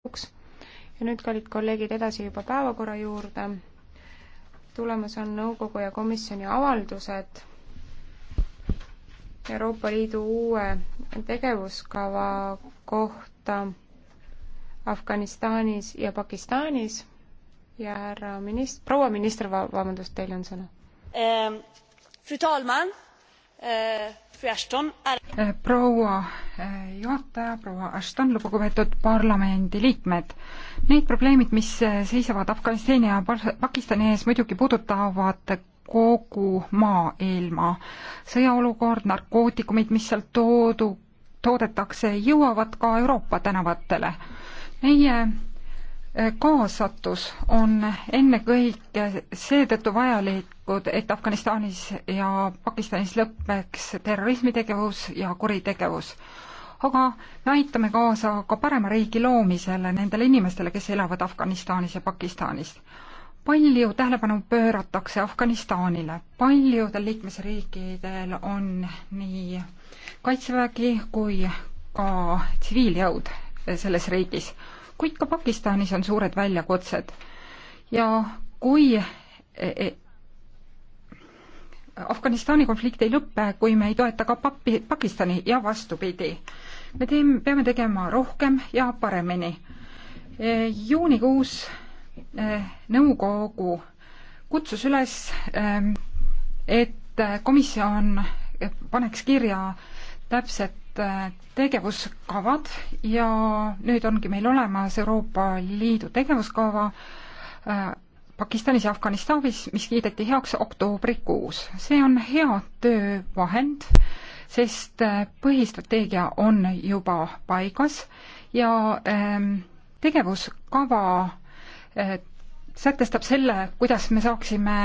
lõpuks. ja nüüd, kallid kolleegid, edasi juba päevakorra juurde. tulemas on nõukogu ja komisjoni avaldused Euroopa Liidu uue tegevuskava kohta Afganistanis ja Pakistanis ja härra minist-, proua minister, vabandust, teil on sõna ähm,. Fru talman Äh, proua äh, juhataja, proua Ashton, lugupeetud parlamendiliikmed. Need probleemid, mis äh, seisavad Afganistani ja Pakistani ees, muidugi puudutavad kogu maailma. sõjaolukord, narkootikumid, mis sealt toodu, toodetakse, jõuavad ka Euroopa tänavatele. meie kaasatus on ennekõike seetõttu vajalikud, et Afganistanis ja Pakistanis lõpeks terrorismitegevus ja kuritegevus. aga me aitame kaasa ka parema riigi loomisele nendele inimestele, kes elavad Afganistanis ja Pakistanis. palju tähelepanu pööratakse Afganistanile, paljudel liikmesriikidel on nii kaitsevägi kui ka tsiviiljõud selles riigis kuid ka Pakistanis on suured väljakutsed. ja kui e, e, Afganistani konflikt ei lõpe, kui me ei toeta ka papi, Pakistani ja vastupidi. me teeme, peame tegema rohkem ja paremini. E, juunikuus nõukogu kutsus üles, et komisjon paneks kirja täpsed Äh, tegevuskavad ja nüüd ongi meil olemas Euroopa Liidu tegevuskava äh, Pakistanis ja Afganistanis, mis kiideti heaks oktoobrikuus. see on hea töövahend, sest äh, põhistrateegia on juba paigas ja ähm, tegevuskava sätestab selle, kuidas me saaksime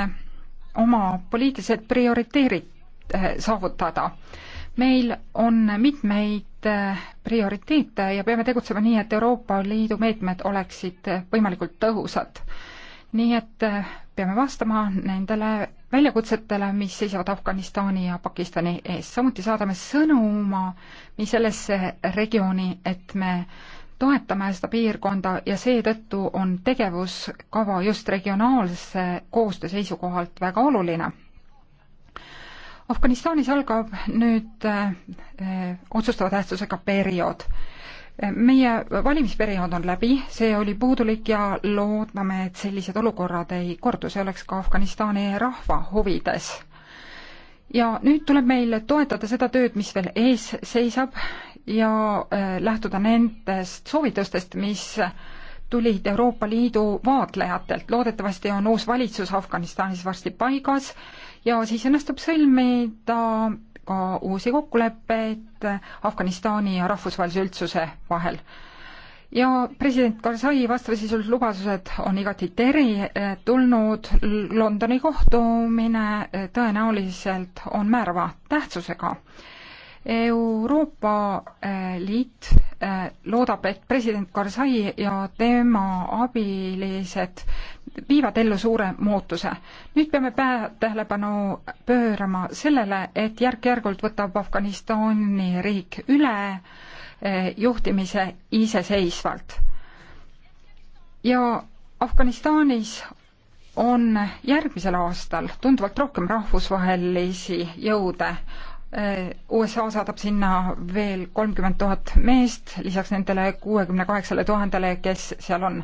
oma poliitilised prioriteerid saavutada meil on mitmeid äh, prioriteete ja peame tegutsema nii, et Euroopa Liidu meetmed oleksid võimalikult tõhusad. nii et äh, peame vastama nendele väljakutsetele, mis seisavad Afganistani ja Pakistani ees. samuti saadame sõnuma sellesse regiooni, et me toetame seda piirkonda ja seetõttu on tegevuskava just regionaalse koostöö seisukohalt väga oluline Afganistanis algab nüüd äh, äh, otsustava tähtsusega periood. meie valimisperiood on läbi, see oli puudulik ja loodame, et sellised olukorrad ei kordu, see oleks ka Afganistani rahva huvides ja nüüd tuleb meil toetada seda tööd, mis veel ees seisab ja äh, lähtuda nendest soovitustest, mis tulid Euroopa Liidu vaatlejatelt. loodetavasti on uus valitsus Afganistanis varsti paigas ja siis õnnestub sõlmida ka uusi kokkuleppeid Afganistani ja rahvusvahelise üldsuse vahel. ja president Karzai vastavasisulised lubadused on igati teretulnud, Londoni kohtumine tõenäoliselt on määrava tähtsusega Euroopa äh, Liit äh, loodab, et president Karzai ja tema abilised viivad ellu suure muutuse. nüüd peame pää-, tähelepanu pöörama sellele, et järk-järgult võtab Afganistani riik üle äh, juhtimise iseseisvalt. ja Afganistanis on järgmisel aastal tunduvalt rohkem rahvusvahelisi jõude Äh, USA saadab sinna veel kolmkümmend tuhat meest, lisaks nendele kuuekümne kaheksale tuhandele, kes seal on.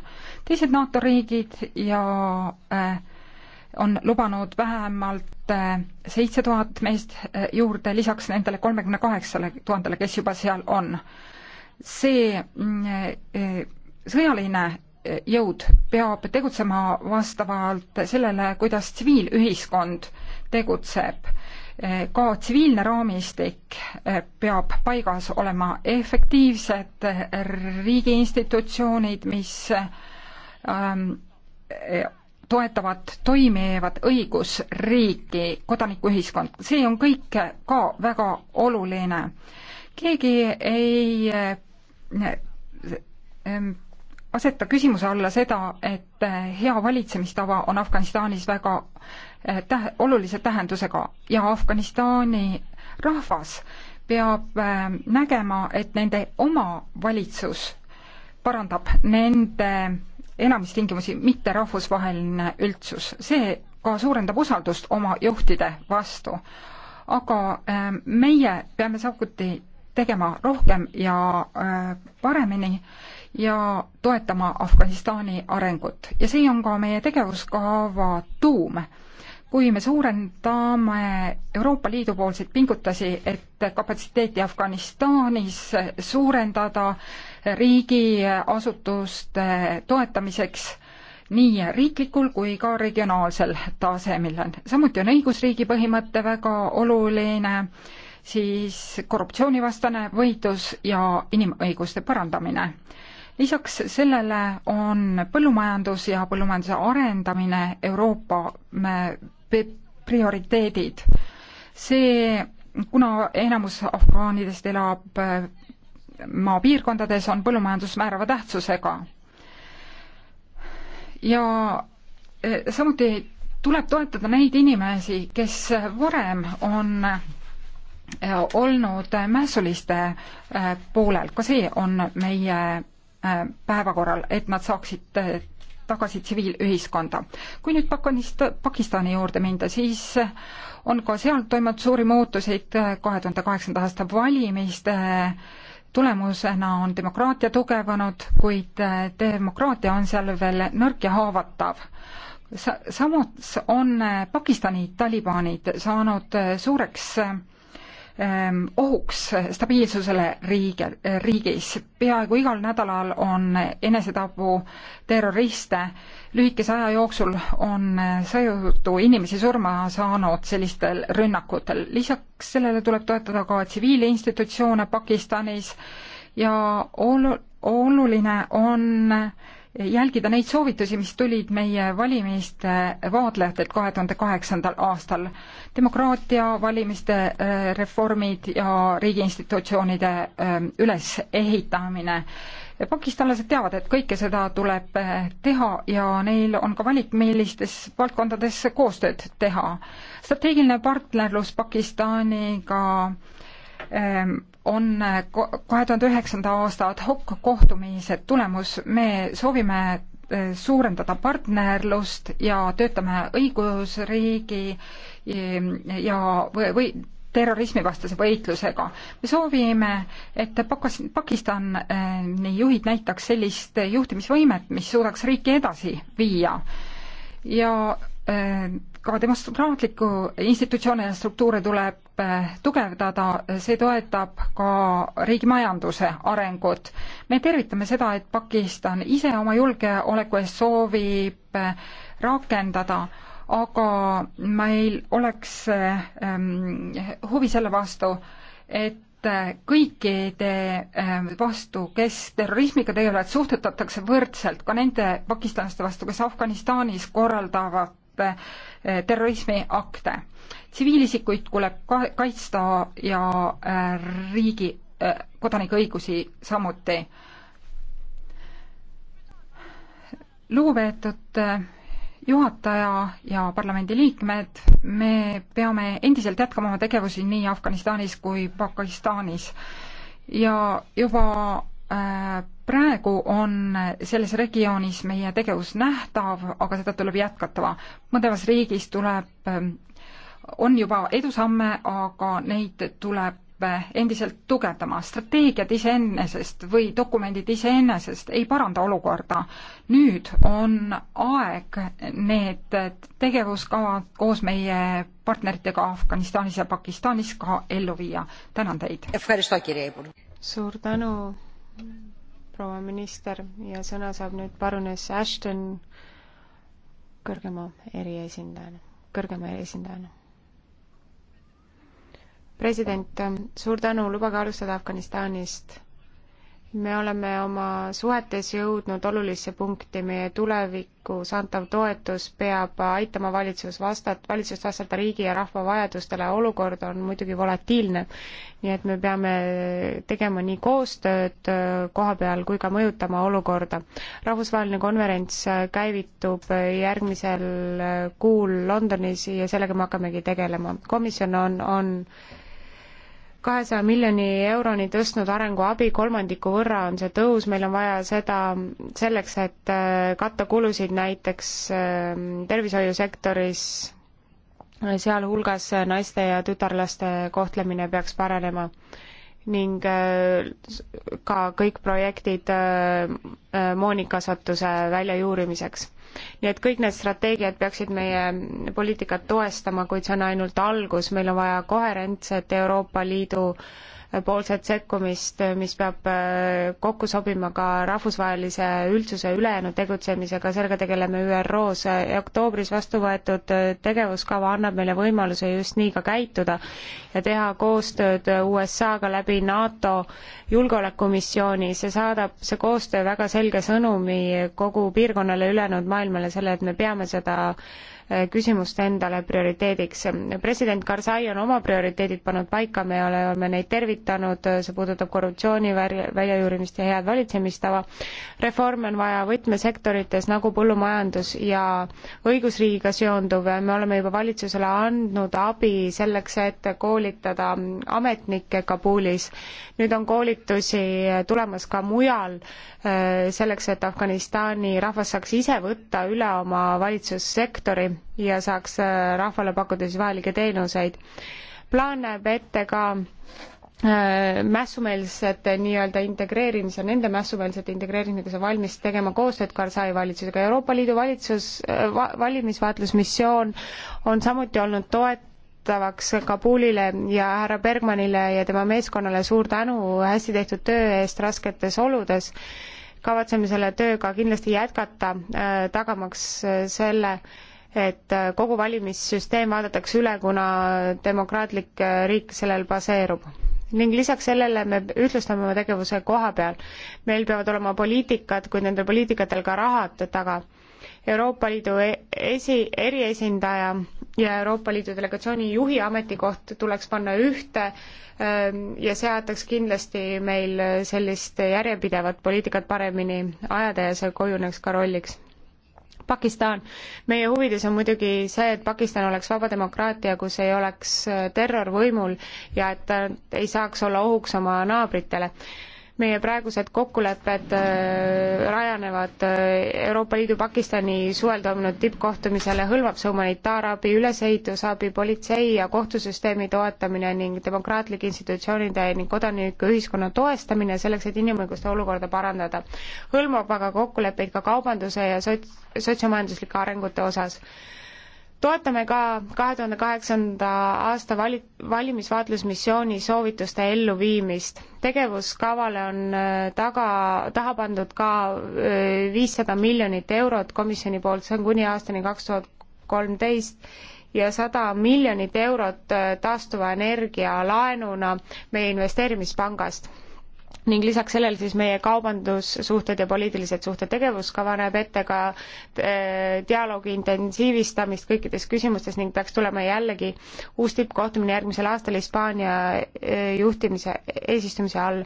teised NATO riigid ja äh, on lubanud vähemalt äh, seitse tuhat meest juurde, lisaks nendele kolmekümne kaheksale tuhandele, kes juba seal on. see mm, sõjaline jõud peab tegutsema vastavalt sellele, kuidas tsiviilühiskond tegutseb ka tsiviilne raamistik eh, peab paigas olema efektiivsed eh, riigiinstitutsioonid, mis ähm, eh, toetavad toimivat õigusriiki, kodanikuühiskond, see on kõik ka väga oluline. keegi ei ähm, aseta küsimuse alla seda, et eh, hea valitsemistava on Afganistanis väga eh, tähe, olulise tähendusega ja Afganistani rahvas peab eh, nägema, et nende oma valitsus parandab nende elamistingimusi, mitte rahvusvaheline üldsus. see ka suurendab usaldust oma juhtide vastu. aga meie peame samuti tegema rohkem ja paremini ja toetama Afganistani arengut ja see on ka meie tegevuskava tuum. kui me suurendame Euroopa Liidu poolseid pingutusi, et kapatsiteeti Afganistanis suurendada riigiasutuste toetamiseks, nii riiklikul kui ka regionaalsel tasemel. samuti on õigusriigi põhimõte väga oluline, siis korruptsioonivastane võitlus ja inimõiguste parandamine lisaks sellele on põllumajandus ja põllumajanduse arendamine Euroopa prioriteedid. see, kuna enamus afgaanidest elab äh, maapiirkondades, on põllumajandus määrava tähtsusega. ja äh, samuti tuleb toetada neid inimesi, kes varem on äh, olnud mässuliste poolel, ka see on meie Äh, päevakorral, et nad saaksid äh, tagasi tsiviilühiskonda. kui nüüd Pakanist, Pakistani juurde minna, siis äh, on ka seal toimunud suuri muutuseid kahe tuhande kaheksanda aasta valimiste tulemusena on demokraatia tugevanud, kuid demokraatia on seal veel nõrk ja haavatav. Sa-, samas on Pakistani talibanid saanud suureks Ähm, ohuks stabiilsusele riige, riigis. peaaegu igal nädalal on enesetapu terroriste, lühikese aja jooksul on sõjutu inimesi surma saanud sellistel rünnakutel. lisaks sellele tuleb toetada ka tsiviilinstitutsioone Pakistanis ja olu-, oluline on äh, jälgida neid soovitusi, mis tulid meie valimiste vaatlejatelt kahe tuhande kaheksandal aastal. demokraatia, valimiste äh, reformid ja riigiinstitutsioonide äh, ülesehitamine. pakistanlased teavad, et kõike seda tuleb äh, teha ja neil on ka valik, millistes valdkondades koostööd teha. strateegiline partnerlus Pakistaniga ähm, on kahe tuhande üheksanda aasta ad hoc kohtumise tulemus, me soovime eh, suurendada partnerlust ja töötame õigusriigi eh, ja või, või terrorismivastase võitlusega. me soovime, et Pakas-, Pakistani eh, juhid näitaks sellist juhtimisvõimet, mis suudaks riiki edasi viia ja äh, ka demokraatlikku institutsioone ja struktuure tuleb eh, tugevdada, see toetab ka riigi majanduse arengut. me tervitame seda, et Pakistan ise oma julgeoleku eest soovib eh, rakendada aga meil oleks ähm, huvi selle vastu, et kõikide vastu, kes terrorismiga tegelevad, suhtutatakse võrdselt ka nende pakistanlaste vastu, kes Afganistanis korraldavad Äh, terrorismiakte. tsiviilisikuid tuleb ka-, kaitsta ja äh, riigi, äh, kodanike õigusi samuti. lugupeetud juhataja ja parlamendi liikmed, me peame endiselt jätkama oma tegevusi nii Afganistanis kui Pakistanis ja juba Äh, praegu on selles regioonis meie tegevus nähtav, aga seda tuleb jätkata. mõnevas riigis tuleb, ähm, on juba edusamme, aga neid tuleb äh, endiselt tugevdama. strateegiad iseenesest või dokumendid iseenesest ei paranda olukorda. nüüd on aeg need tegevuskavad koos meie partneritega Afganistanis ja Pakistanis ka ellu viia. tänan teid! suur tänu! proua minister ja sõna saab nüüd parunes Ashton kõrgema eriesindajana, kõrgema eriesindajana. president, suur tänu, lubage alustada Afganistanist me oleme oma suhetes jõudnud olulisse punkti, meie tulevikus antav toetus peab aitama valitsus vastata, valitsust vastata riigi ja rahva vajadustele, olukord on muidugi volatiilne. nii et me peame tegema nii koostööd äh, koha peal kui ka mõjutama olukorda. rahvusvaheline konverents äh, käivitub järgmisel äh, kuul Londonis ja sellega me hakkamegi tegelema. komisjon on, on kahesaja miljoni euroni tõstnud arenguabi kolmandiku võrra on see tõus, meil on vaja seda selleks, et äh, katta kulusid näiteks äh, tervishoiusektoris, sealhulgas naiste ja tütarlaste kohtlemine peaks paranema ning äh, ka kõik projektid moonikasvatuse väljajuurimiseks nii et kõik need strateegiad peaksid meie poliitikat toestama, kuid see on ainult algus, meil on vaja koherentset Euroopa Liidu äh, poolset sekkumist, mis peab äh, kokku sobima ka rahvusvahelise üldsuse ülejäänud tegutsemisega, sellega tegeleme ÜRO-s. oktoobris vastu võetud äh, tegevuskava annab meile võimaluse just nii ka käituda ja teha koostööd USA-ga läbi NATO julgeolekumissiooni. see saadab, see koostöö väga selge sõnumi kogu piirkonnale, ülejäänud maailmale, selle, et me peame seda Eh, küsimust endale prioriteediks. president Karzai on oma prioriteedid pannud paika, me oleme neid tervitanud, see puudutab korruptsiooni väljajuurimist ja head valitsemistava. reforme on vaja võtmesektorites nagu põllumajandus ja õigusriigiga seonduv, me oleme juba valitsusele andnud abi selleks, et koolitada ametnikke Kabulis. nüüd on koolitusi tulemas ka mujal, eh, selleks et Afganistani rahvas saaks ise võtta üle oma valitsussektori ja saaks äh, rahvale pakkuda siis vajalikke teenuseid. plaan näeb ette ka äh, mässumeelsete nii-öelda integreerimise, nende mässumeelsete integreerimisega valmis tegema koostööd Karzai valitsusega. Euroopa Liidu valitsus, äh, valimisvaatlusmissioon on samuti olnud toet-, avaldavaks Kabulile ja härra Bergmanile ja tema meeskonnale suur tänu hästi tehtud töö eest rasketes oludes. kavatseme selle tööga kindlasti jätkata, tagamaks selle, et äh, kogu valimissüsteem vaadatakse üle, kuna demokraatlik äh, riik sellel baseerub. ning lisaks sellele me ühtlustame oma tegevuse koha peal. meil peavad olema poliitikad, kuid nendel poliitikatel ka rahad taga. Euroopa Liidu e-, esi, eriesindaja ja Euroopa Liidu delegatsiooni juhi ametikoht tuleks panna ühte ähm, ja see aitaks kindlasti meil sellist järjepidevat poliitikat paremini ajada ja see kujuneks ka rolliks Pakistan. meie huvides on muidugi see, et Pakistan oleks vaba demokraatia, kus ei oleks terror võimul ja et ta ei saaks olla ohuks oma naabritele meie praegused kokkulepped äh, rajanevad äh, Euroopa Liidu Pakistani suvel toimunud tippkohtumisele, hõlmab see humanitaarabi, ülesehitusabi, politsei ja kohtusüsteemi toetamine ning demokraatlike institutsioonide ning kodanikuühiskonna toestamine selleks, et inimõiguste olukorda parandada. hõlmab aga kokkuleppeid ka kaubanduse ja sots-, sotsiaalmajanduslike arengute osas toetame ka kahe tuhande kaheksanda aasta vali-, valimisvaatlusmissiooni soovituste elluviimist. tegevuskavale on äh, taga, taha pandud ka äh, viissada miljonit eurot komisjoni poolt, see on kuni aastani kaks tuhat kolmteist, ja sada miljonit eurot äh, taastuva energia laenuna meie investeerimispangast ning lisaks sellele siis meie kaubandussuhted ja poliitilised suhted. tegevuskava näeb ette ka äh, dialoogi intensiivistamist kõikides küsimustes ning peaks tulema jällegi uus tippkohtumine järgmisel aastal Hispaania äh, juhtimise, eesistumise all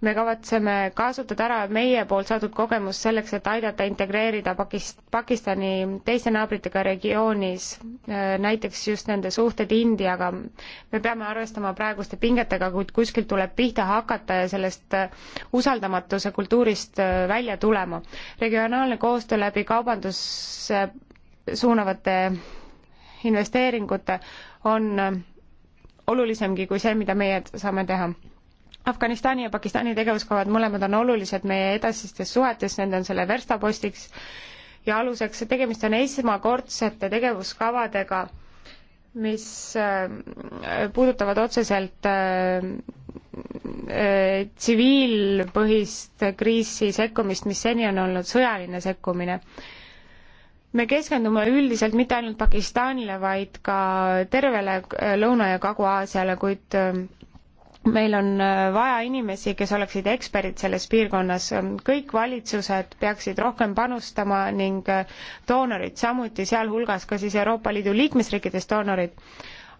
me kavatseme kasutada ära meie poolt saadud kogemust selleks, et aidata integreerida Pakist-, Pakistani teiste naabritega regioonis, äh, näiteks just nende suhted Indiaga. me peame arvestama praeguste pingetega, kuid kuskilt tuleb pihta hakata ja sellest äh, usaldamatuse kultuurist äh, välja tulema. regionaalne koostöö läbi kaubandusse suunavate investeeringute on olulisemgi kui see, mida meie saame teha Afganistani ja Pakistani tegevuskohad mõlemad on olulised meie edasistes suhetes, need on selle verstapostiks ja aluseks, tegemist on esmakordsete tegevuskavadega, mis äh, puudutavad otseselt äh, äh, tsiviilpõhist kriisi sekkumist, mis seni on olnud sõjaline sekkumine me keskendume üldiselt mitte ainult Pakistanile, vaid ka tervele Lõuna- ja Kagu-Aasiale, kuid meil on äh, vaja inimesi, kes oleksid eksperdid selles piirkonnas. kõik valitsused peaksid rohkem panustama ning äh, doonorid samuti, sealhulgas ka siis Euroopa Liidu liikmesriikides doonorid.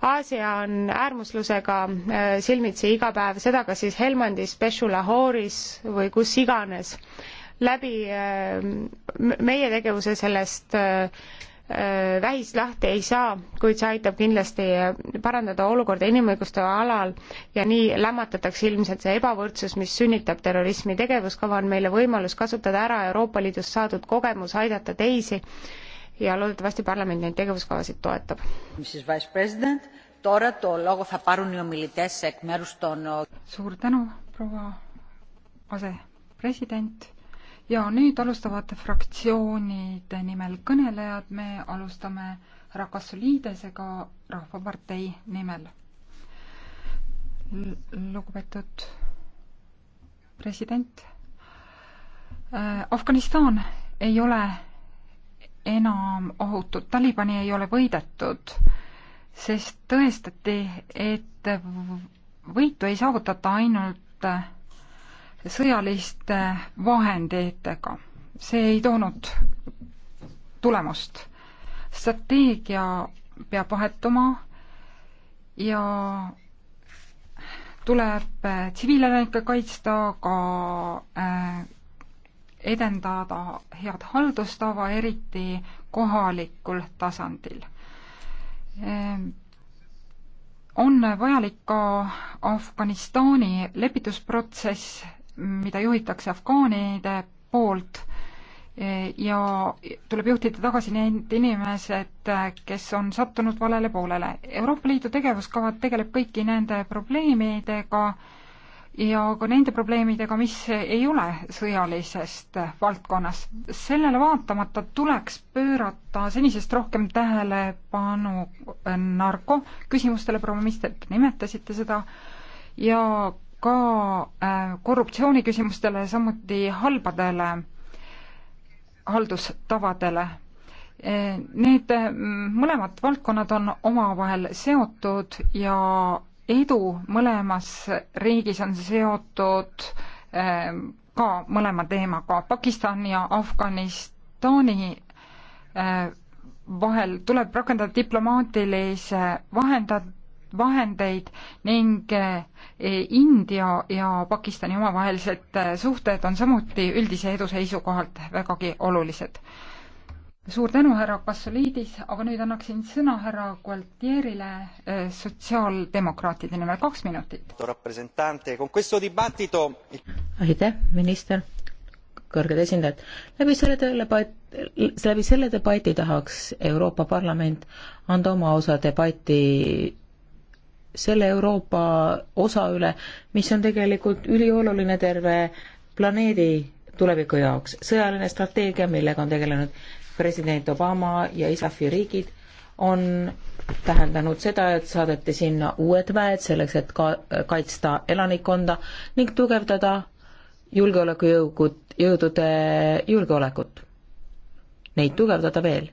Aasia on äärmuslusega äh, silmitsi iga päev, seda kas siis Helmandis, Peshulahoris või kus iganes. läbi meie tegevuse sellest Äh, vähislahti ei saa, kuid see aitab kindlasti parandada olukorda inimõiguste alal ja nii lämmatatakse ilmselt see ebavõrdsus, mis sünnitab terrorismi. tegevuskava on meile võimalus kasutada ära Euroopa Liidust saadud kogemus, aidata teisi ja loodetavasti parlament neid tegevuskavasid toetab. suur tänu, proua asepresident ja nüüd alustavad fraktsioonide nimel kõnelejad, me alustame härra Kasuliidesega Rahvapartei nimel. lugupeetud president, äh, Afganistan ei ole enam ohutu, Talibani ei ole võidetud, sest tõestati, et võitu ei saavutata ainult sõjaliste vahenditega. see ei toonud tulemust. strateegia peab vahetuma ja tuleb tsiviilelanikke kaitsta, ka äh, edendada head haldustava, eriti kohalikul tasandil. Äh, on vajalik ka Afganistani lepitusprotsess mida juhitakse afgaanide poolt ja tuleb juhtida tagasi need inimesed, kes on sattunud valele poolele. Euroopa Liidu tegevuskava tegeleb kõiki nende probleemidega ja ka nende probleemidega, mis ei ole sõjalisest valdkonnast. sellele vaatamata tuleks pöörata senisest rohkem tähelepanu narkoküsimustele, proua minister, te nimetasite seda, ja ka äh, korruptsiooniküsimustele, samuti halbadele haldustavadele. Äh, need äh, mõlemad valdkonnad on omavahel seotud ja edu mõlemas riigis on seotud ka mõlema teemaga. Pakistan ja Afganistani vahel tuleb rakendada diplomaatilise vahendat-, vahendeid ning eh, India ja Pakistani omavahelised eh, suhted on samuti üldise edu seisukohalt vägagi olulised. suur tänu, härra Kassoliidis, aga nüüd annaksin sõna härra Gualtierile eh, sotsiaaldemokraatide nimel, kaks minutit. aitäh, minister kõrged esindajad. läbi selle debat-, läbi selle debati tahaks Euroopa Parlament anda oma osa debati selle Euroopa osa üle, mis on tegelikult ülioluline terve planeedi tuleviku jaoks. sõjaline strateegia, millega on tegelenud president Obama ja ISAF-i riigid, on tähendanud seda, et saadeti sinna uued väed selleks, et ka kaitsta elanikkonda ning tugevdada julgeolekujõugud, jõudude julgeolekut. Neid tugevdada veel.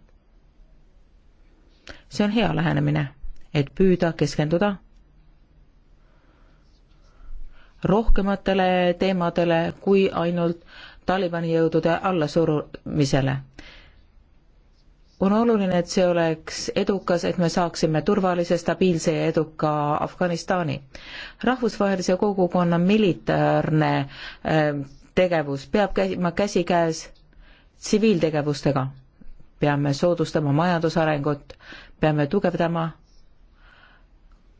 see on hea lähenemine, et püüda keskenduda rohkematele teemadele kui ainult Talibani jõudude allasurumisele. on oluline, et see oleks edukas, et me saaksime turvalise, stabiilse ja eduka Afganistani. rahvusvahelise kogukonna militaarne ähm, tegevus peab käima käsikäes tsiviiltegevustega. peame soodustama majandusarengut, peame tugevdama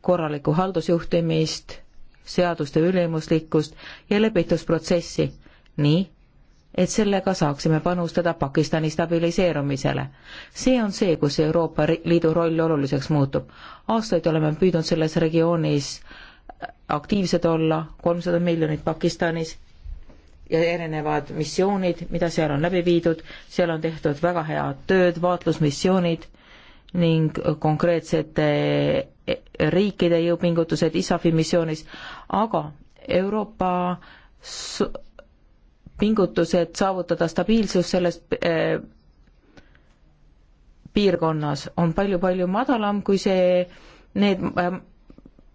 korralikku haldusjuhtimist seaduste ülemuslikkust ja lepitusprotsessi, nii et sellega saaksime panustada Pakistani stabiliseerumisele. see on see, kus Euroopa Liidu roll oluliseks muutub. aastaid oleme püüdnud selles regioonis aktiivsed olla, kolmsada miljonit Pakistanis ja erinevad missioonid, mida seal on läbi viidud, seal on tehtud väga head tööd, vaatlusmissioonid ning konkreetsete riikide jõupingutused ISAF-i missioonis, aga Euroopa pingutused saavutada stabiilsus selles eh, piirkonnas on palju-palju madalam kui see, need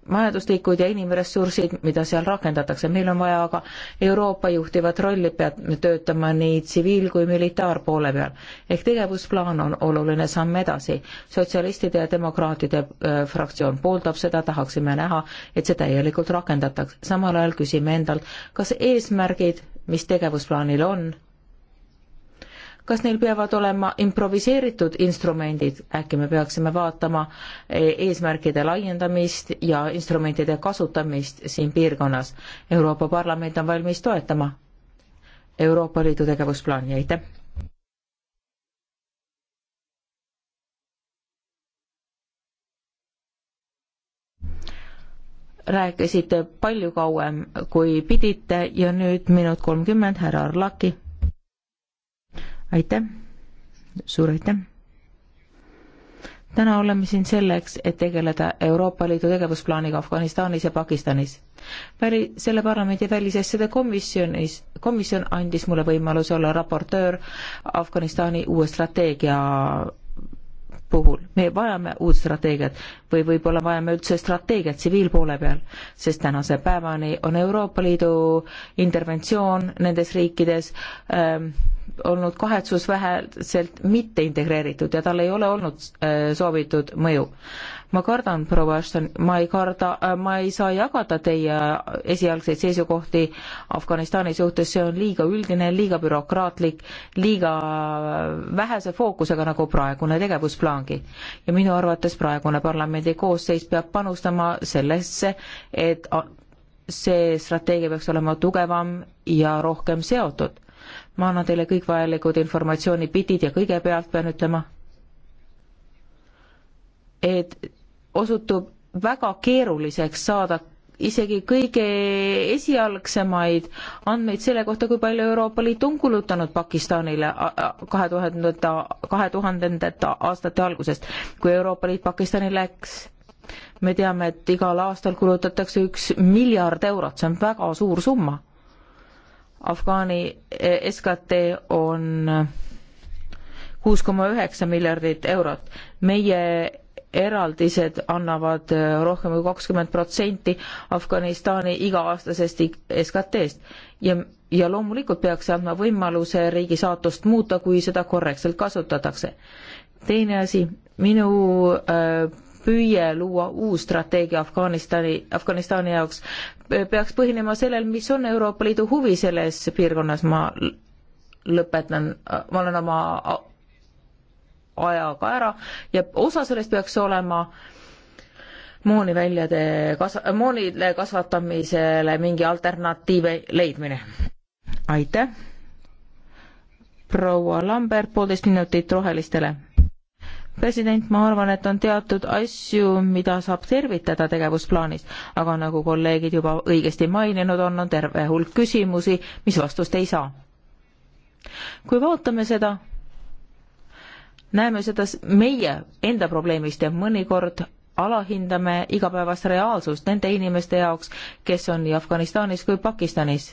majanduslikud ja inimressursid, mida seal rakendatakse. meil on vaja aga Euroopa juhtivat rolli, peab töötama nii tsiviil- kui militaarpoole peal. ehk tegevusplaan on oluline samm edasi. sotsialistide ja demokraatide äh, fraktsioon pooldab seda, tahaksime näha, et see täielikult rakendatakse. samal ajal küsime endalt, kas eesmärgid, mis tegevusplaanil on, kas neil peavad olema improviseeritud instrumendid, äkki me peaksime vaatama e, eesmärkide laiendamist ja instrumentide kasutamist siin piirkonnas. Euroopa Parlament on valmis toetama Euroopa Liidu tegevusplaani, aitäh! rääkisite palju kauem, kui pidite ja nüüd minut kolmkümmend, härra Arlaki aitäh, suur aitäh. täna oleme siin selleks, et tegeleda Euroopa Liidu tegevusplaaniga Afganistanis ja Pakistanis. väli, selle parlamendi välisasjade komisjonis, komisjon andis mulle võimaluse olla raportöör Afganistani uue strateegia puhul, me vajame uut strateegiat või võib-olla vajame üldse strateegiat tsiviilpoole peal, sest tänase päevani on Euroopa Liidu interventsioon nendes riikides ähm, olnud kahetsusväärselt mitte integreeritud ja tal ei ole olnud äh, soovitud mõju. ma kardan, proua Ashton, ma ei karda, äh, ma ei saa jagada teie esialgseid seisukohti Afganistani suhtes, see on liiga üldine, liiga bürokraatlik, liiga äh, vähese fookusega nagu praegune tegevusplaangi. ja minu arvates praegune parlamendi koosseis peab panustama sellesse, et see strateegia peaks olema tugevam ja rohkem seotud ma annan teile kõik vajalikud informatsioonipidid ja kõigepealt pean ütlema, et osutub väga keeruliseks saada isegi kõige esialgsemaid andmeid selle kohta, kui palju Euroopa Liit on kulutanud Pakistanile kahe tuhandenda, kahe tuhandendate aastate algusest, kui Euroopa Liit Pakistani läks. me teame, et igal aastal kulutatakse üks miljard eurot, see on väga suur summa Afgaani SKT on kuus koma üheksa miljardit eurot. meie eraldised annavad rohkem kui kakskümmend protsenti Afganistani iga-aastasest SKT-st ja, ja loomulikult peaks see andma võimaluse riigi saatust muuta, kui seda korrektselt kasutatakse. teine asi, minu äh, püüe luua uus strateegia Afganistani, Afganistani jaoks peaks põhinema sellel, mis on Euroopa Liidu huvi selles piirkonnas, ma lõpetan, ma olen oma ajaga ära ja osa sellest peaks olema mooniväljade kas-, moonide kasvatamisele mingi alternatiivi leidmine. aitäh! proua Lambert, poolteist minutit rohelistele president, ma arvan, et on teatud asju, mida saab tervitada tegevusplaanis, aga nagu kolleegid juba õigesti maininud on, on terve hulk küsimusi, mis vastust ei saa. kui vaatame seda, näeme seda meie enda probleemist ja mõnikord alahindame igapäevast reaalsust nende inimeste jaoks, kes on nii Afganistanis kui Pakistanis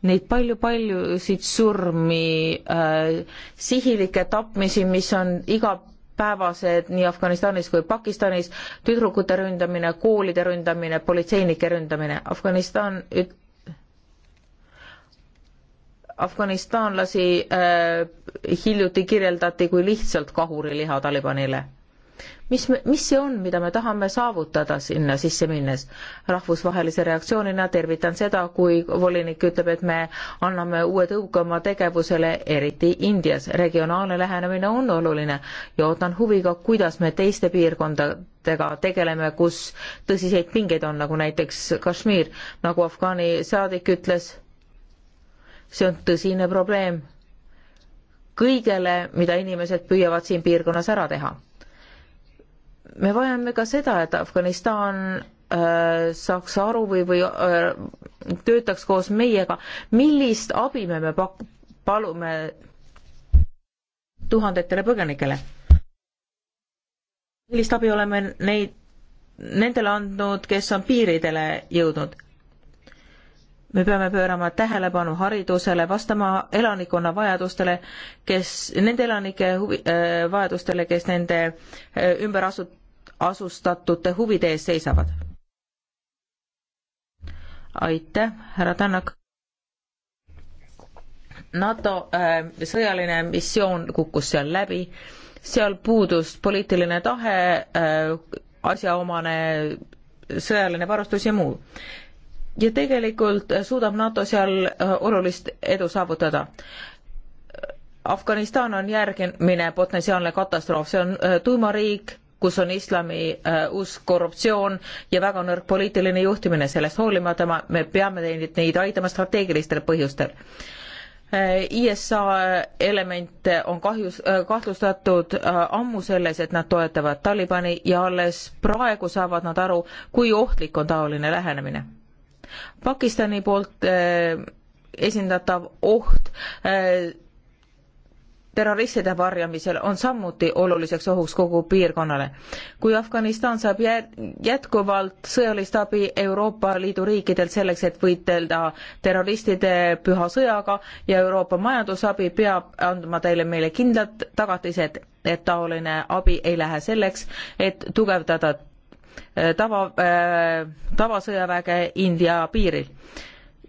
neid palju-paljusid surmi äh,, sihilikke tapmisi, mis on igapäevased nii Afganistanis kui Pakistanis, tüdrukute ründamine, koolide ründamine, politseinike ründamine. Afganistan üt-, afganistanlasi äh, hiljuti kirjeldati kui lihtsalt kahuriliha Talibanile mis, mis see on, mida me tahame saavutada sinna sisse minnes? rahvusvahelise reaktsioonina tervitan seda, kui volinik ütleb, et me anname uue tõuke oma tegevusele, eriti Indias. regionaalne lähenemine on oluline ja ootan huviga, kuidas me teiste piirkondadega tegeleme, kus tõsiseid pingeid on, nagu näiteks Kashmir, nagu Afgaani saadik ütles, see on tõsine probleem kõigele, mida inimesed püüavad siin piirkonnas ära teha me vajame ka seda, et Afganistan äh, saaks aru või, või äh, töötaks koos meiega, millist abi me, me pak-, palume tuhandetele põgenikele. millist abi oleme neid, nendele andnud, kes on piiridele jõudnud? me peame pöörama tähelepanu haridusele, vastama elanikkonna vajadustele, kes, nende elanike huvi äh,, vajadustele, kes nende äh, ümber asu-, asustatute huvide ees seisavad. aitäh, härra Tänak. NATO äh, sõjaline missioon kukkus seal läbi, seal puudus poliitiline tahe, äh, asjaomane sõjaline varustus ja muu ja tegelikult suudab NATO seal äh, olulist edu saavutada. Afganistan on järgmine potentsiaalne katastroof, see on äh, tuumariik, kus on islami äh, usk, korruptsioon ja väga nõrk poliitiline juhtimine, sellest hoolimata me peame neid, neid aitama strateegilistel põhjustel. ISA elemente on kahjus, kahtlustatud ammu selles, et nad toetavad Talibani ja alles praegu saavad nad aru, kui ohtlik on taoline lähenemine Pakistani poolt eh, esindatav oht eh, terroristide varjamisel on samuti oluliseks ohuks kogu piirkonnale. kui Afganistan saab jätkuvalt sõjalist abi Euroopa Liidu riikidelt selleks, et võidelda terroristide püha sõjaga ja Euroopa majandusabi peab andma teile meile kindlad tagatised, et taoline abi ei lähe selleks, et tugevdada Äh, tava, äh, tavasõjaväge India piiril.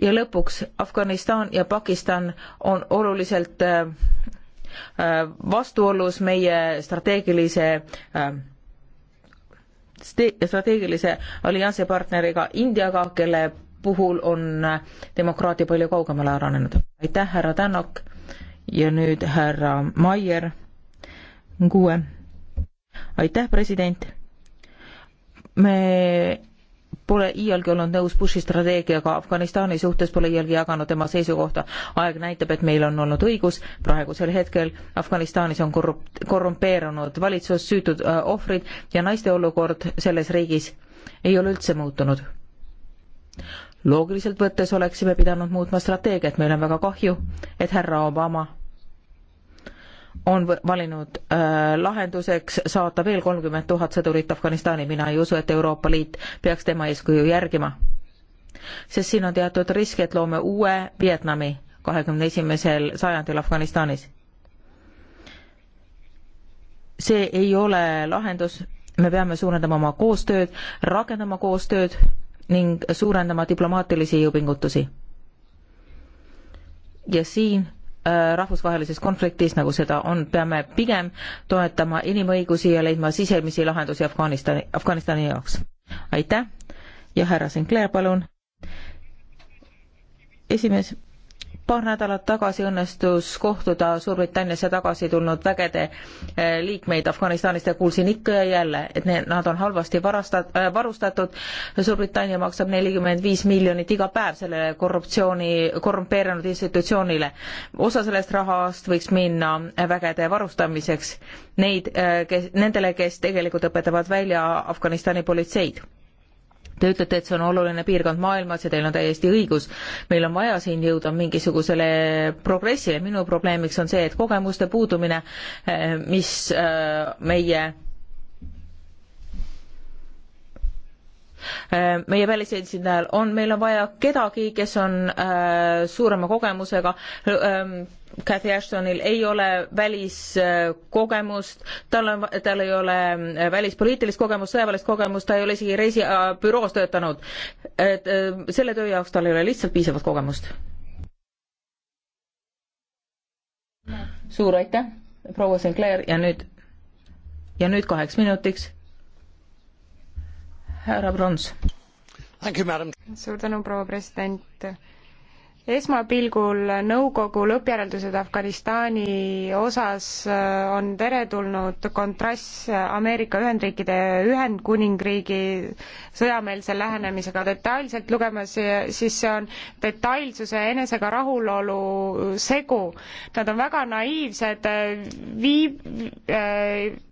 ja lõpuks Afganistan ja Pakistan on oluliselt äh, vastuolus meie strateegilise strateegilise alliansi partneriga Indiaga, kelle puhul on demokraatia palju kaugemale arenenud. aitäh, härra Tänak ja nüüd härra Maier, kuue. aitäh, president me pole iialgi olnud nõus Bushi strateegiaga Afganistani suhtes, pole iialgi jaganud tema seisukohta. aeg näitab, et meil on olnud õigus, praegusel hetkel Afganistanis on korrup-, korrumpeerunud valitsus, süütud äh, ohvrid ja naiste olukord selles riigis ei ole üldse muutunud. loogiliselt võttes oleksime pidanud muutma strateegiat, meil on väga kahju, et härra Obama on valinud äh, lahenduseks saata veel kolmkümmend tuhat sõdurit Afganistani, mina ei usu, et Euroopa Liit peaks tema eeskuju järgima. sest siin on teatud risk, et loome uue Vietnami kahekümne esimesel sajandil Afganistanis. see ei ole lahendus, me peame suurendama oma koostööd, rakendama koostööd ning suurendama diplomaatilisi jõupingutusi. ja siin Äh, rahvusvahelises konfliktis, nagu seda on, peame pigem toetama inimõigusi ja leidma sisemisi lahendusi Afganistani, Afganistani jaoks. aitäh ja härra Sinclair, palun. esimees paar nädalat tagasi õnnestus kohtuda Suurbritanniasse tagasi tulnud vägede eh, liikmeid Afganistanist ja kuulsin ikka ja jälle, et need, nad on halvasti varastat-, äh, varustatud. Suurbritannia maksab nelikümmend viis miljonit iga päev sellele korruptsiooni, korrumpeerunud institutsioonile. osa sellest rahast võiks minna äh, vägede varustamiseks neid, äh, kes, nendele, kes tegelikult õpetavad välja Afganistani politseid Te ütlete, et see on oluline piirkond maailmas ja teil on täiesti õigus. meil on vaja siin jõuda mingisugusele progressile. minu probleemiks on see, et kogemuste puudumine, eh, mis eh, meie Äh, meie välisesindajal on, meil on vaja kedagi, kes on äh, suurema kogemusega ähm,. Cathy Ashtonil ei ole väliskogemust, tal on, tal ei ole äh, välispoliitilist kogemust, sõjaväelist kogemust, ta ei ole isegi reisibüroos äh, töötanud. et äh, selle töö jaoks tal ei ole lihtsalt piisavat kogemust. suur aitäh, proua Sinclair ja nüüd, ja nüüd kaheks minutiks härra Brons. suur tänu, proua president. esmapilgul nõukogu lõppjäreldused Afganistani osas äh, on teretulnud kontrasts Ameerika Ühendriikide Ühendkuningriigi sõjameelse lähenemisega. detailselt lugemas, äh, siis see on detailsuse ja enesega rahulolu segu. Nad on väga naiivsed, viib äh, äh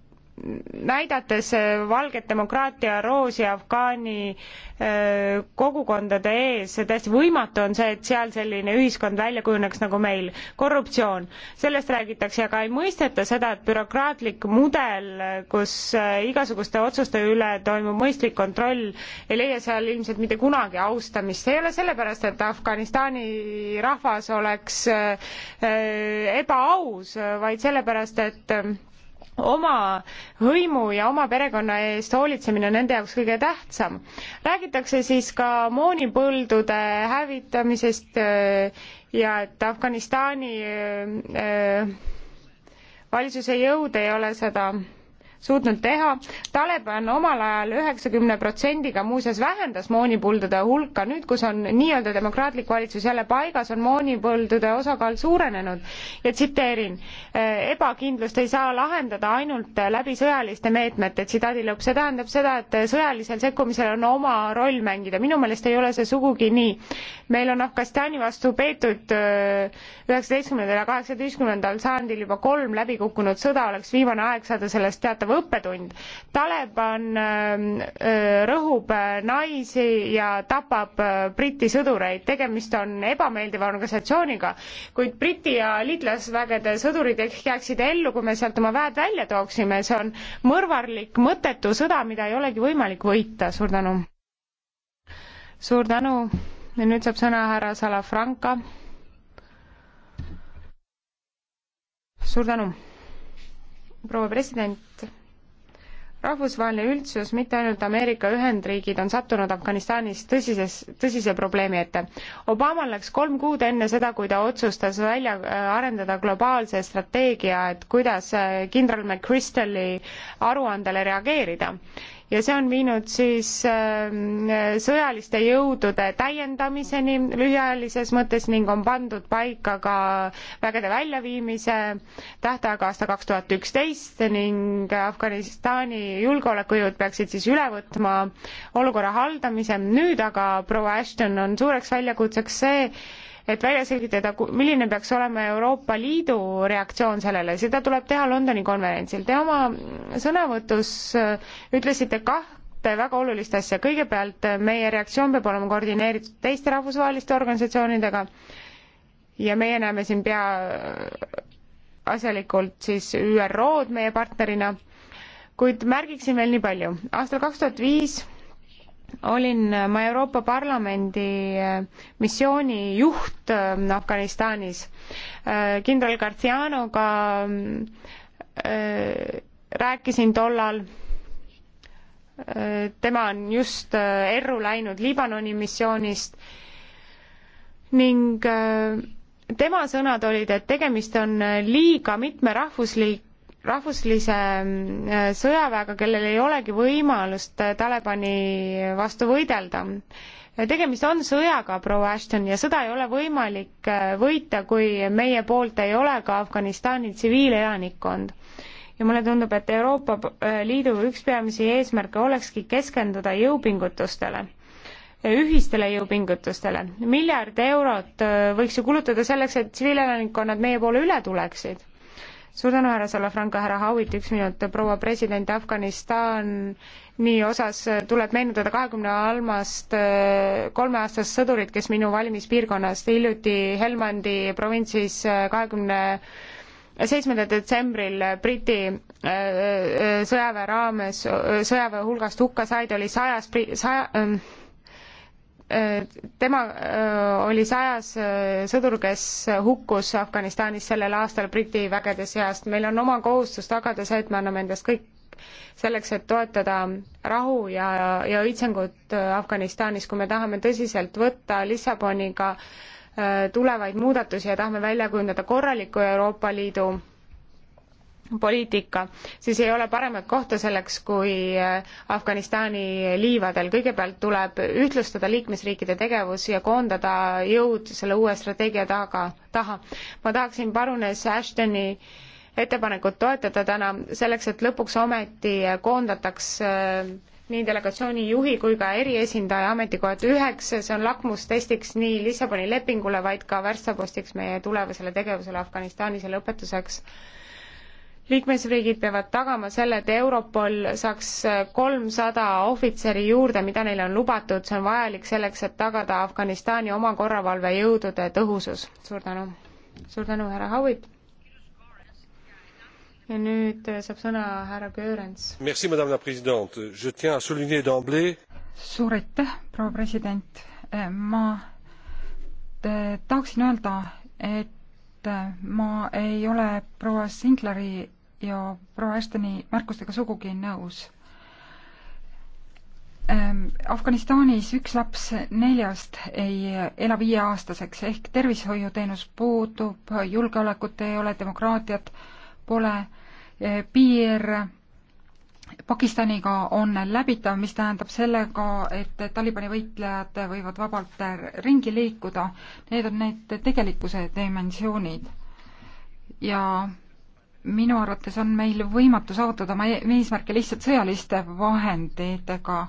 näidates äh, valget demokraatia roosi Afgaani äh, kogukondade ees, täiesti võimatu on see, et seal selline ühiskond välja kujuneks nagu meil. korruptsioon, sellest räägitakse, aga ei mõisteta seda, et bürokraatlik mudel, kus äh, igasuguste otsuste üle toimub mõistlik kontroll, ei leia seal ilmselt mitte kunagi austamist. see ei ole sellepärast, et Afganistani rahvas oleks ebaaus, vaid sellepärast, et oma hõimu ja oma perekonna eest hoolitsemine on nende jaoks kõige tähtsam. räägitakse siis ka moonipõldude hävitamisest äh, ja et Afganistani äh, äh, valitsuse jõud ei ole seda suutnud teha. Taliban omal ajal üheksakümne protsendiga muuseas vähendas moonipõldude hulka, nüüd kus on nii-öelda demokraatlik valitsus jälle paigas, on moonipõldude osakaal suurenenud ja tsiteerin, äh, ebakindlust ei saa lahendada ainult läbi sõjaliste meetmete, tsitaadi lõpp, see tähendab seda, et sõjalisel sekkumisel on oma roll mängida, minu meelest ei ole see sugugi nii. meil on Afganistani vastu peetud äh, üheksateistkümnendal ja kaheksateistkümnendal sajandil juba kolm läbikukkunud sõda, oleks viimane aeg saada sellest teatav valmistav õppetund. Taliban ähm, äh, rõhub äh, naisi ja tapab äh, Briti sõdureid, tegemist on ebameeldiva organisatsiooniga, kuid Briti ja liitlasvägede sõdurid ehk jääksid ellu, kui me sealt oma väed välja tooksime, see on mõrvarlik, mõttetu sõda, mida ei olegi võimalik võita, suur tänu. suur tänu ja nüüd saab sõna härra Salafranca. suur tänu proua president, rahvusvaheline üldsus, mitte ainult Ameerika Ühendriigid, on sattunud Afganistanis tõsises, tõsise probleemi ette. Obamal läks kolm kuud enne seda, kui ta otsustas välja äh, arendada globaalse strateegia, et kuidas äh, kindral McChrystali aruandele reageerida ja see on viinud siis ähm, sõjaliste jõudude täiendamiseni lühiajalises mõttes ning on pandud paika ka vägede väljaviimise tähtaeg aasta kaks tuhat üksteist ning Afganistani julgeolekujõud peaksid siis üle võtma olukorra haldamise. nüüd aga proua Ashton on suureks väljakutseks see, et välja selgitada, milline peaks olema Euroopa Liidu reaktsioon sellele, seda tuleb teha Londoni konverentsil. Te oma sõnavõtus äh, ütlesite kahte väga olulist asja, kõigepealt äh, meie reaktsioon peab olema koordineeritud teiste rahvusvaheliste organisatsioonidega ja meie näeme siin pea äh, asjalikult siis ÜRO-d meie partnerina, kuid märgiksin veel nii palju, aastal kaks tuhat viis olin ma Euroopa Parlamendi äh, missiooni juht äh, Afganistanis. Äh, kindral Garcianoga rääkisin tollal, tema on just erru läinud Liibanoni missioonist ning tema sõnad olid, et tegemist on liiga mitmerahvuslik rahvuslise äh, sõjaväega, kellel ei olegi võimalust äh, Talibani vastu võidelda. tegemist on sõjaga, proua Ashton, ja sõda ei ole võimalik äh, võita, kui meie poolt ei ole ka Afganistani tsiviilelanikkond. ja mulle tundub, et Euroopa Liidu üks peamisi eesmärke olekski keskenduda jõupingutustele ühistele jõupingutustele. miljard eurot võiks ju kulutada selleks, et tsiviilelanikkonnad meie poole üle tuleksid suur tänu, härra Salafranca, härra Howitt, üks minut, proua president, Afganistani osas tuleb meenutada kahekümne almast äh, kolmeaastast sõdurit, kes minu valimispiirkonnast hiljuti Helmandi provintsis äh, kahekümne 20 seitsmendal detsembril Briti äh, sõjaväe raames, sõjaväe hulgast hukka said, oli sajas, saja, ähm, Äh, tema äh, oli sajas äh, sõdur, kes hukkus Afganistanis sellel aastal Briti vägede seast. meil on oma kohustus tagada see, et me anname endast kõik selleks, et toetada rahu ja, ja õitsengut Afganistanis, kui me tahame tõsiselt võtta Lissaboniga tulevaid muudatusi ja tahame välja kujundada korraliku Euroopa Liidu poliitika, siis ei ole paremat kohta selleks kui äh, Afganistani liivadel. kõigepealt tuleb ühtlustada liikmesriikide tegevus ja koondada jõud selle uue strateegia taga, taha. ma tahaksin parunes Ashtoni ettepanekut toetada täna selleks, et lõpuks ometi koondataks äh, nii delegatsiooni juhi kui ka eriesindaja ametikohad üheks, see on lakmustestiks nii Lissaboni lepingule, vaid ka värstapostiks meie tulevasele tegevusele Afganistanis ja lõpetuseks liikmesriigid peavad tagama selle, et Europol saaks kolmsada ohvitseri juurde, mida neile on lubatud, see on vajalik selleks, et tagada Afganistani oma korravalvejõudude tõhusus. suur tänu. suur tänu, härra Howitt. ja nüüd äh, saab sõna härra Göörens. suur aitäh, proua president. Äh, ma äh, tahaksin öelda, et ma ei ole proua Sinkleri ja proua Ashtoni märkustega sugugi nõus. Ehm, Afganistanis üks laps neljast ei ela viieaastaseks ehk tervishoiuteenus puudub, julgeolekut ei ole, demokraatiat pole, ehm, piir Pakistaniga on läbitav, mis tähendab sellega, et Talibani võitlejad võivad vabalt ringi liikuda. Need on need tegelikkuse dimensioonid ja minu arvates on meil võimatu saavutada oma e-, eesmärke lihtsalt sõjaliste vahenditega.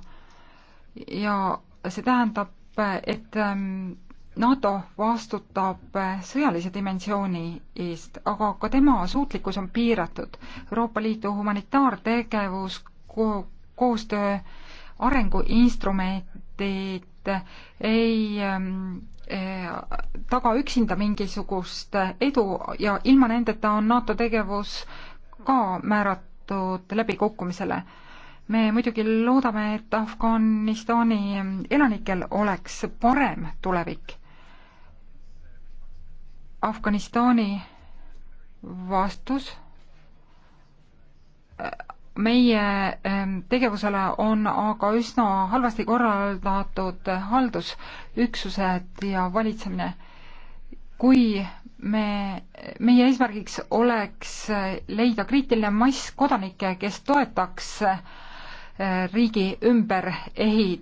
ja see tähendab, et ähm, NATO vastutab äh, sõjalise dimensiooni eest, aga ka tema suutlikkus on piiratud. Euroopa Liidu humanitaartegevus ko, koostöö arenguinstrumendid Liit ei ähm, eh, taga üksinda mingisugust edu ja ilma nendeta on NATO tegevus ka määratud läbikukkumisele. me muidugi loodame, et Afganistani elanikel oleks parem tulevik. Afganistani vastus meie ähm, tegevusele on aga üsna halvasti korraldatud haldusüksused ja valitsemine. kui me, meie eesmärgiks oleks äh, leida kriitiline mass kodanikke, kes toetaks äh, riigi ümber ehi-,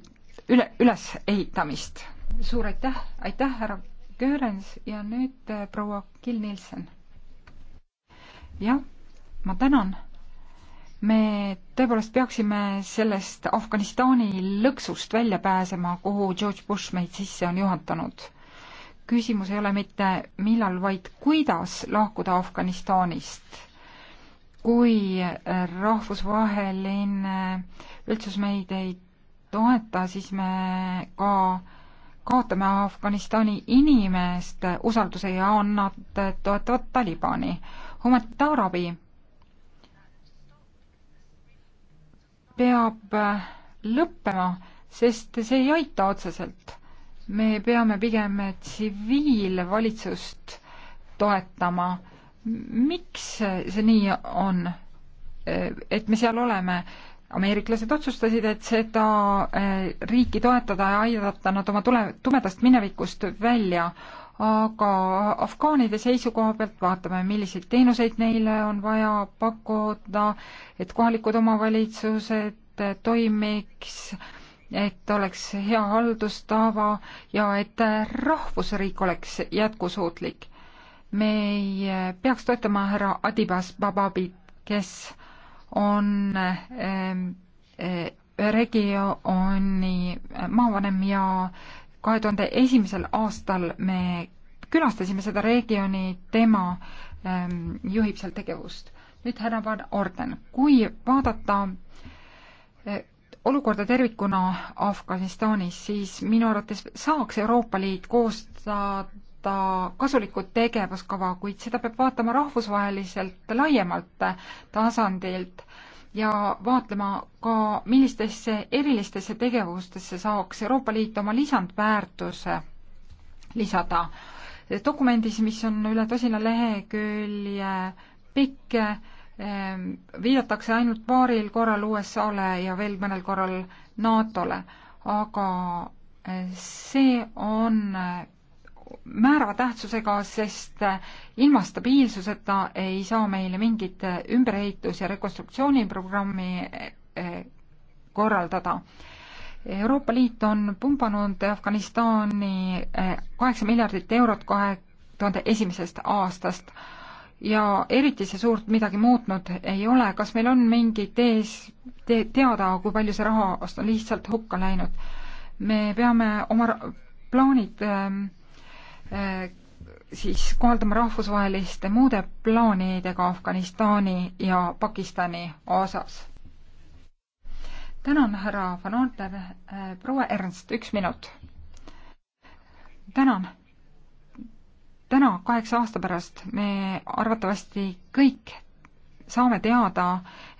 üle, ülesehitamist. suur aitäh, aitäh, härra Göörens ja nüüd äh, proua Kill Nielsen. jah, ma tänan me tõepoolest peaksime sellest Afganistani lõksust välja pääsema, kuhu George Bush meid sisse on juhatanud. küsimus ei ole mitte millal, vaid kuidas lahkuda Afganistanist, kui rahvusvaheline üldsus meid ei toeta, siis me ka kaotame Afganistani inimeste usalduse ja nad toetavad Talibani. humanitaarabi peab äh, lõppema, sest see ei aita otseselt. me peame pigem tsiviilvalitsust toetama. miks see nii on? Äh, et me seal oleme ameeriklased otsustasid, et seda äh, riiki toetada ja aidata nad oma tule, tumedast minevikust välja aga afgaanide seisukoha pealt vaatame, milliseid teenuseid neile on vaja pakkuda, et kohalikud omavalitsused toimiks, et oleks hea haldustava ja et rahvusriik oleks jätkusuutlik. me ei peaks toetama härra Adibas Bababit, kes on äh, äh, regiooni maavanem ja äh, kahe tuhande esimesel aastal me külastasime seda regiooni, tema ähm, juhib seal tegevust. nüüd härra Van Orden, kui vaadata äh, olukorda tervikuna Afganistanis, siis minu arvates saaks Euroopa Liit koostada kasulikku tegevuskava, kuid seda peab vaatama rahvusvaheliselt laiemalt tasandilt äh, ja vaatlema ka, millistesse erilistesse tegevustesse saaks Euroopa Liit oma lisandväärtuse lisada. dokumendis, mis on üle tosina lehekülje pikk, ehm, viidatakse ainult paaril korral USA-le ja veel mõnel korral NATO-le, aga eh, see on määrava tähtsusega, sest ilma stabiilsuseta ei saa meile mingit ümberehitus- ja rekonstruktsiooniprogrammi eh, eh, korraldada. Euroopa Liit on pumpanud Afganistani eh, kaheksa miljardit eurot kahe tuhande esimesest aastast ja eriti see suurt midagi muutnud ei ole, kas meil on mingi tees te, teada, kui palju see raha on lihtsalt hukka läinud? me peame oma plaanid ähm, Äh, siis kohaldama rahvusvaheliste muude plaanidega Afganistani ja Pakistani osas. tänan, härra Van Orden, äh, proua Ernst, üks minut. tänan. täna kaheksa aasta pärast me arvatavasti kõik saame teada,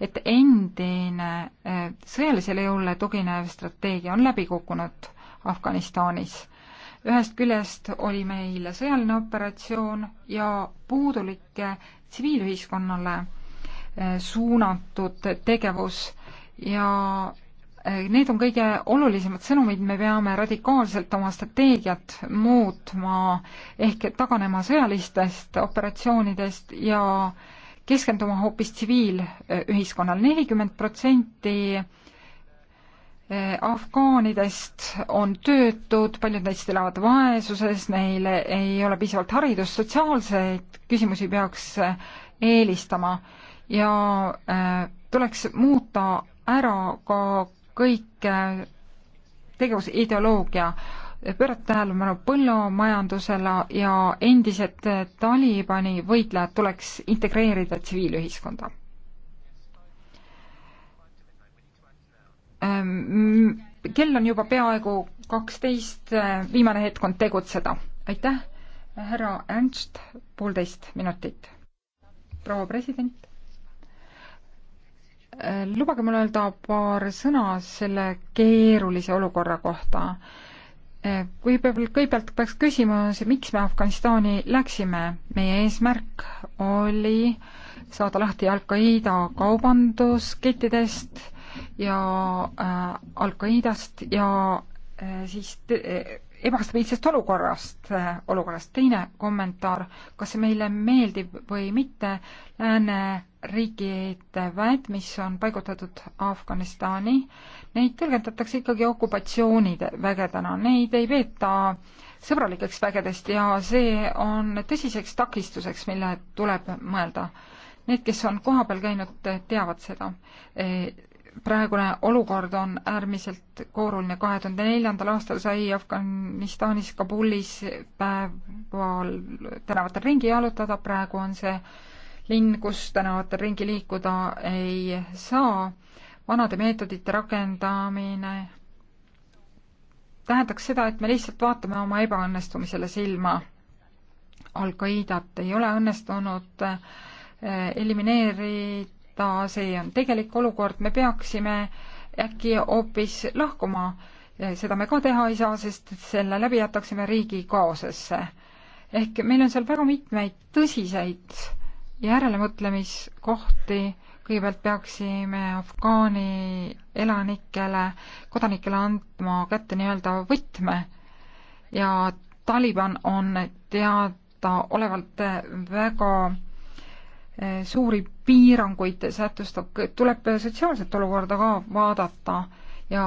et endine äh, sõjalisele jõule tuginev strateegia on läbi kukkunud Afganistanis ühest küljest oli meil sõjaline operatsioon ja puudulikke tsiviilühiskonnale eh, suunatud tegevus ja eh, need on kõige olulisemad sõnumid, me peame radikaalselt oma strateegiat muutma ehk taganema sõjalistest operatsioonidest ja keskenduma hoopis tsiviilühiskonnale. nelikümmend protsenti afgaanidest on töötud, paljud neist elavad vaesuses, neile ei ole piisavalt haridust, sotsiaalseid küsimusi peaks eelistama ja äh, tuleks muuta ära ka kõik äh, tegevusideoloogia, pöörata tähelepanu põllumajandusele ja endised Talibani võitlejad tuleks integreerida tsiviilühiskonda Ehm, kell on juba peaaegu kaksteist, eh, viimane hetk on tegutseda. aitäh, härra Ernst, poolteist minutit. proua president, eh, lubage mul öelda paar sõna selle keerulise olukorra kohta. Eh, kõigepealt, kõigepealt peaks küsima, miks me Afganistani läksime. meie eesmärk oli saada lahti Al-Qaeda kaubanduskettidest ja äh, Al-Qaedast ja äh, siis äh, ebastabiilsest olukorrast äh,, olukorrast. teine kommentaar, kas see meile meeldib või mitte, lääneriigid, väed, mis on paigutatud Afganistani, neid tõlgendatakse ikkagi okupatsioonivägedena, neid ei peeta sõbralikeks vägedest ja see on tõsiseks takistuseks, mille tuleb mõelda Need, kes on kohapeal käinud, teavad seda. Äh, praegune olukord on äärmiselt kooruline. kahe tuhande neljandal aastal sai Afganistanis Kabulis päeval tänavatel ringi jalutada, praegu on see linn, kus tänavatel ringi liikuda ei saa. vanade meetodite rakendamine tähendaks seda, et me lihtsalt vaatame oma ebaõnnestumisele silma. Al-Qaidat ei ole õnnestunud eh, elimineerida ta see on tegelik olukord, me peaksime äkki hoopis lahkuma, seda me ka teha ei saa, sest selle läbi jätaksime riigi kaosesse. ehk meil on seal väga mitmeid tõsiseid järelemõtlemiskohti, kõigepealt peaksime Afgaani elanikele, kodanikele andma kätte nii-öelda võtme ja Taliban on teadaolevalt väga eh, suuri piiranguid sätustab, tuleb sotsiaalset olukorda ka vaadata ja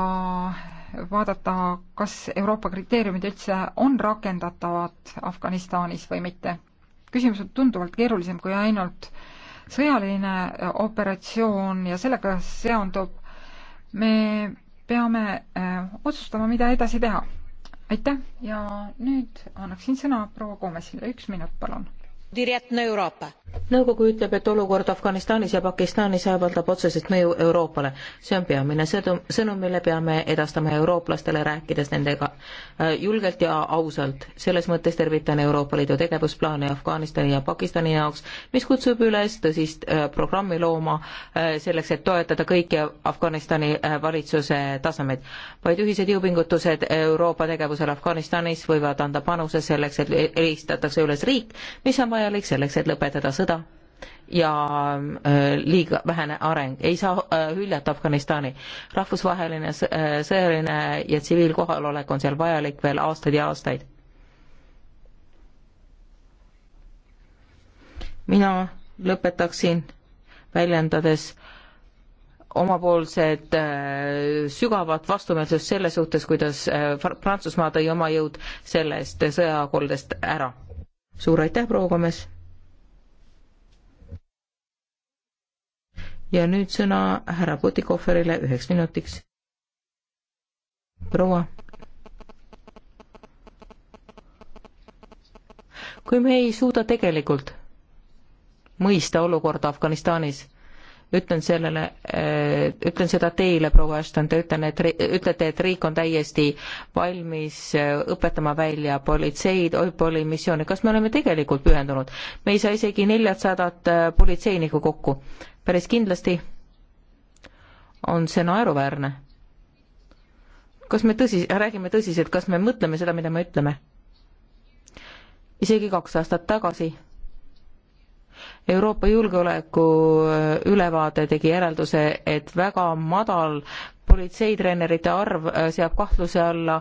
vaadata, kas Euroopa kriteeriumid üldse on rakendatavad Afganistanis või mitte. küsimus on tunduvalt keerulisem kui ainult sõjaline operatsioon ja sellega seondub me peame äh, otsustama, mida edasi teha. aitäh ja nüüd annaksin sõna proua Koomesile, üks minut, palun nõukogu ütleb, et olukord Afganistanis ja Pakistanis avaldab otsesest mõju Euroopale. see on peamine sõdum, sõnum, mille peame edastama eurooplastele, rääkides nendega äh, julgelt ja ausalt. selles mõttes tervitan Euroopa Liidu tegevusplaane Afganistani ja Pakistani jaoks, mis kutsub üles tõsist äh, programmi looma äh, selleks, et toetada kõiki Afganistani valitsuse tasemeid. vaid ühised jõupingutused Euroopa tegevusel Afganistanis võivad anda panuse selleks, et e-, eelistatakse üles riik, mis on vaja vajalik selleks, et lõpetada sõda ja äh, liiga vähene areng. ei saa äh, hüljata Afganistani. rahvusvaheline äh, sõjaline ja tsiviilkohalolek on seal vajalik veel aastaid ja aastaid. mina lõpetaksin väljendades omapoolsed sügavat vastumeelsust selle suhtes, kuidas Prantsusmaa tõi oma jõud sellest sõjakoldest ära suur aitäh, proua Komes. ja nüüd sõna härra Putikohverile üheks minutiks. proua. kui me ei suuda tegelikult mõista olukorda Afganistanis ütlen sellele, eh, ütlen seda teile, proua Ashton, te ütlen, et, ütlete, et riik on täiesti valmis eh, õpetama välja politseid, OIPOL-i missioone, kas me oleme tegelikult pühendunud? me ei saa isegi neljasadat eh, politseinikku kokku. päris kindlasti on see naeruväärne. kas me tõsi, räägime tõsiselt, kas me mõtleme seda, mida me ütleme? isegi kaks aastat tagasi Euroopa julgeoleku äh, ülevaade tegi järelduse, et väga madal politseitreenerite arv äh, seab kahtluse alla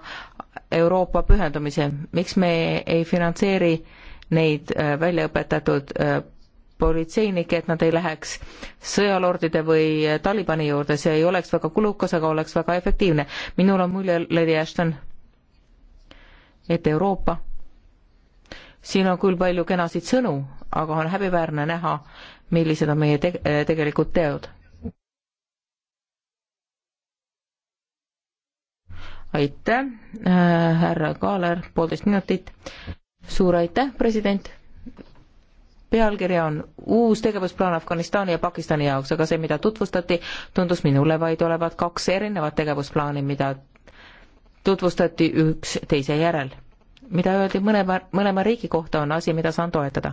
Euroopa pühendumise. miks me ei finantseeri neid äh, välja õpetatud politseinikke, et nad ei läheks sõjalordide või Talibani juurde, see ei oleks väga kulukas, aga oleks väga efektiivne. minul on mulje, Lady Ashton, et Euroopa siin on küll palju kenasid sõnu, aga on häbiväärne näha, millised on meie teg-, eh, tegelikud teod. aitäh äh,, härra Kaaler, poolteist minutit. suur aitäh, president. pealkirja on uus tegevusplaan Afganistani ja Pakistani jaoks, aga see, mida tutvustati, tundus minule vaid olevat kaks erinevat tegevusplaani, mida tutvustati üks teise järel mida öeldi mõlema, mõlema riigi kohta, on asi, mida saan toetada.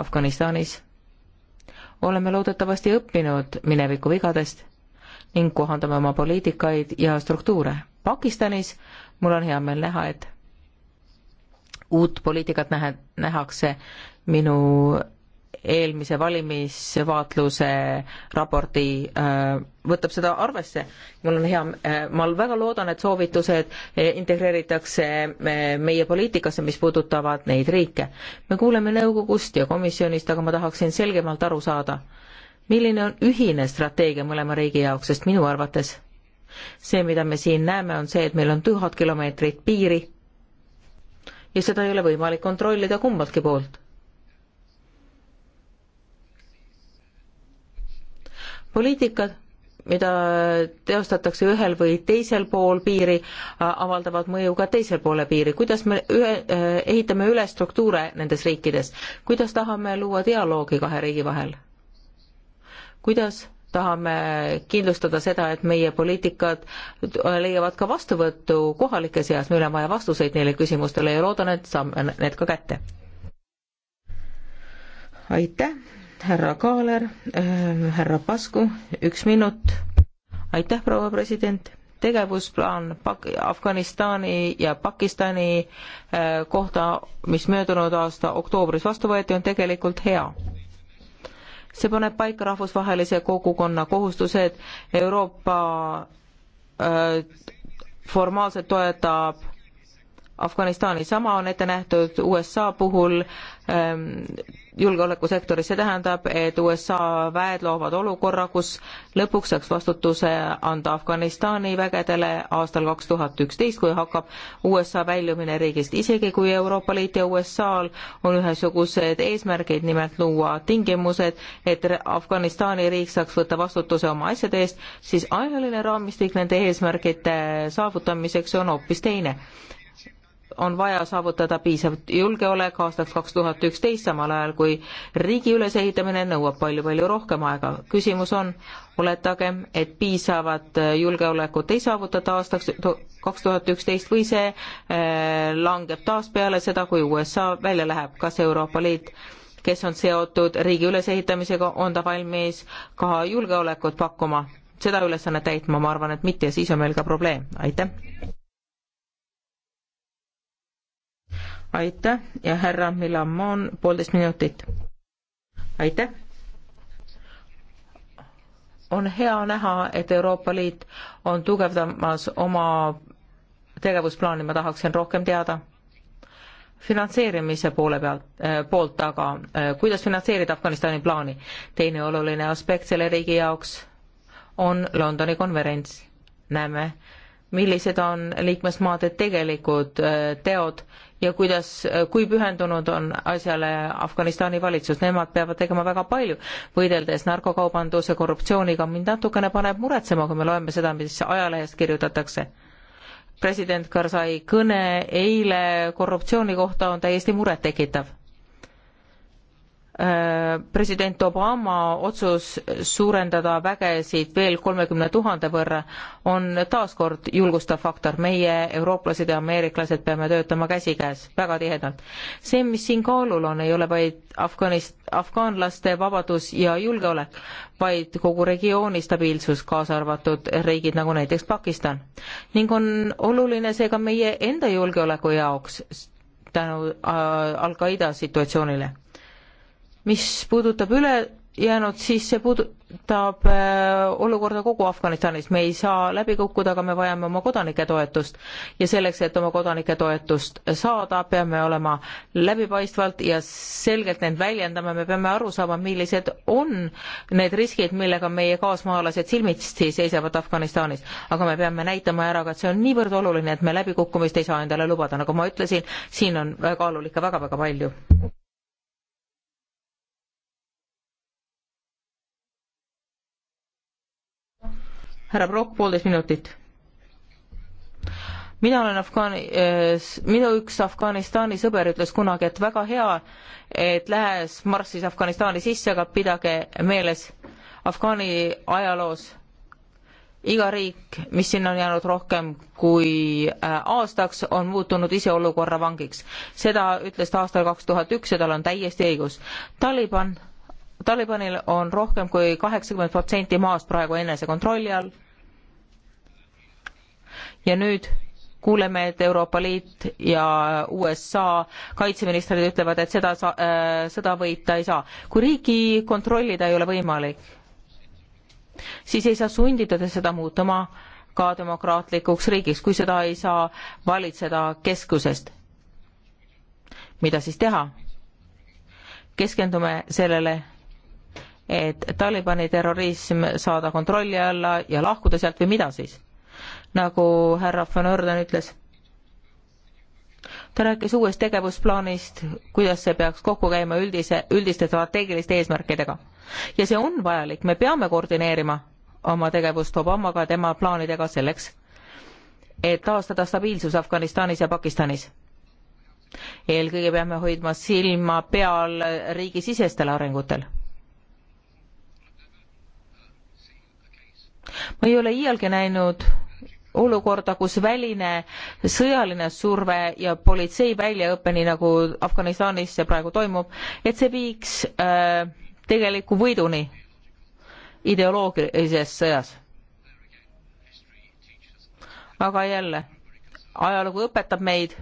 Afganistanis oleme loodetavasti õppinud mineviku vigadest ning kohandame oma poliitikaid ja struktuure. Pakistanis mul on hea meel näha, et uut poliitikat nähe, nähakse minu eelmise valimisvaatluse raporti äh, võtab seda arvesse. mul on hea, äh, ma väga loodan, et soovitused äh, integreeritakse meie poliitikasse, mis puudutavad neid riike. me kuuleme nõukogust ja komisjonist, aga ma tahaksin selgemalt aru saada, milline on ühine strateegia mõlema riigi jaoks, sest minu arvates see, mida me siin näeme, on see, et meil on tuhat kilomeetrit piiri ja seda ei ole võimalik kontrollida kummaltki poolt poliitikad, mida teostatakse ühel või teisel pool piiri, äh, avaldavad mõju ka teisel poole piiri. kuidas me ühe, äh, ehitame üle struktuure nendes riikides, kuidas tahame luua dialoogi kahe riigi vahel? kuidas tahame kindlustada seda, et meie poliitikad äh, leiavad ka vastuvõttu kohalike seas, meil on vaja vastuseid neile küsimustele ja loodan, et saame need ka kätte. aitäh! härra Kaaler äh,, härra Pasku, üks minut. aitäh, proua president. tegevusplaan Pak-, Afganistani ja Pakistani äh, kohta, mis möödunud aasta oktoobris vastu võeti, on tegelikult hea see paneb paika rahvusvahelise kogukonna kohustused, Euroopa äh, formaalselt toetab Afganistani, sama on ette nähtud USA puhul ähm, julgeolekusektoris, see tähendab, et USA väed loovad olukorra, kus lõpuks saaks vastutuse anda Afganistani vägedele aastal kaks tuhat üksteist, kui hakkab USA väljumine riigist, isegi kui Euroopa Liit ja USA-l on ühesugused eesmärgid, nimelt luua tingimused, et Afganistani riik saaks võtta vastutuse oma asjade eest, siis ajaline raamistik nende eesmärgide saavutamiseks on hoopis teine on vaja saavutada piisav julgeolek aastaks kaks tuhat üksteist, samal ajal kui riigi ülesehitamine nõuab palju-palju rohkem aega. küsimus on, oletagem, et piisavat äh, julgeolekut ei saavutata aastaks kaks tuhat üksteist või see äh, langeb taas peale seda, kui USA välja läheb, kas Euroopa Liit kes on seotud riigi ülesehitamisega, on ta valmis ka julgeolekut pakkuma, seda ülesannet täitma, ma arvan, et mitte ja siis on meil ka probleem, aitäh! aitäh ja härra Milamon, poolteist minutit. aitäh. on hea näha, et Euroopa Liit on tugevdamas oma tegevusplaani, ma tahaksin rohkem teada finantseerimise poole pealt äh,, poolt aga äh,, kuidas finantseerida Afganistani plaani? teine oluline aspekt selle riigi jaoks on Londoni konverents. näeme, millised on liikmesmaade tegelikud äh, teod ja kuidas, kui pühendunud on asjale Afganistani valitsus, nemad peavad tegema väga palju, võideldes narkokaubanduse, korruptsiooniga, mind natukene paneb muretsema, kui me loeme seda, mis ajalehest kirjutatakse. president Karzai kõne eile korruptsiooni kohta on täiesti murettekitav Äh, president Obama otsus suurendada vägesid veel kolmekümne tuhande võrra on taaskord julgustav faktor. meie, eurooplased ja ameeriklased peame töötama käsikäes väga tihedalt. see, mis siin kaalul on, ei ole vaid Afganist, afgaanlaste vabadus ja julgeolek, vaid kogu regiooni stabiilsus, kaasa arvatud riigid nagu näiteks Pakistan. ning on oluline see ka meie enda julgeoleku jaoks tänu äh, Al-Qaeda situatsioonile mis puudutab ülejäänud, siis see puudutab äh, olukorda kogu Afganistanis, me ei saa läbi kukkuda, aga me vajame oma kodanike toetust. ja selleks, et oma kodanike toetust saada, peame olema läbipaistvalt ja selgelt neid väljendama, me peame aru saama, millised on need riskid, millega meie kaasmaalased silmitsi seisavad Afganistanis. aga me peame näitama ära ka, et see on niivõrd oluline, et me läbikukkumist ei saa endale lubada, nagu ma ütlesin, siin on kaalul ikka väga-väga palju. härra Brock, poolteist minutit. mina olen Afgaani, eh, minu üks Afganistani sõber ütles kunagi, et väga hea, et lähes marssis Afganistani sisse, aga pidage meeles Afgaani ajaloos iga riik, mis sinna on jäänud rohkem kui eh, aastaks, on muutunud ise olukorra vangiks. seda ütles ta aastal kaks tuhat üks ja tal on täiesti õigus. Taliban Talibanil on rohkem kui kaheksakümmend protsenti maast praegu enesekontrolli all. ja nüüd kuuleme, et Euroopa Liit ja USA kaitseministrid ütlevad, et seda sa- äh,, sõda võita ei saa. kui riiki kontrollida ei ole võimalik, siis ei saa sundida seda muutuma ka demokraatlikuks riigiks, kui seda ei saa valitseda keskusest. mida siis teha? keskendume sellele et Talibani terrorism saada kontrolli alla ja lahkuda sealt või mida siis? nagu härra von Orden ütles, ta rääkis uuest tegevusplaanist, kuidas see peaks kokku käima üldise, üldiste strateegiliste eesmärkidega. ja see on vajalik, me peame koordineerima oma tegevust Obamaga, tema plaanidega selleks, et taastada stabiilsus Afganistanis ja Pakistanis eelkõige peame hoidma silma peal riigisisestel arengutel. ma ei ole iialgi näinud olukorda, kus väline sõjaline surve ja politsei väljaõpe, nii nagu Afganistanis see praegu toimub, et see viiks äh, tegeliku võiduni ideoloogilises sõjas. aga jälle, ajalugu õpetab meid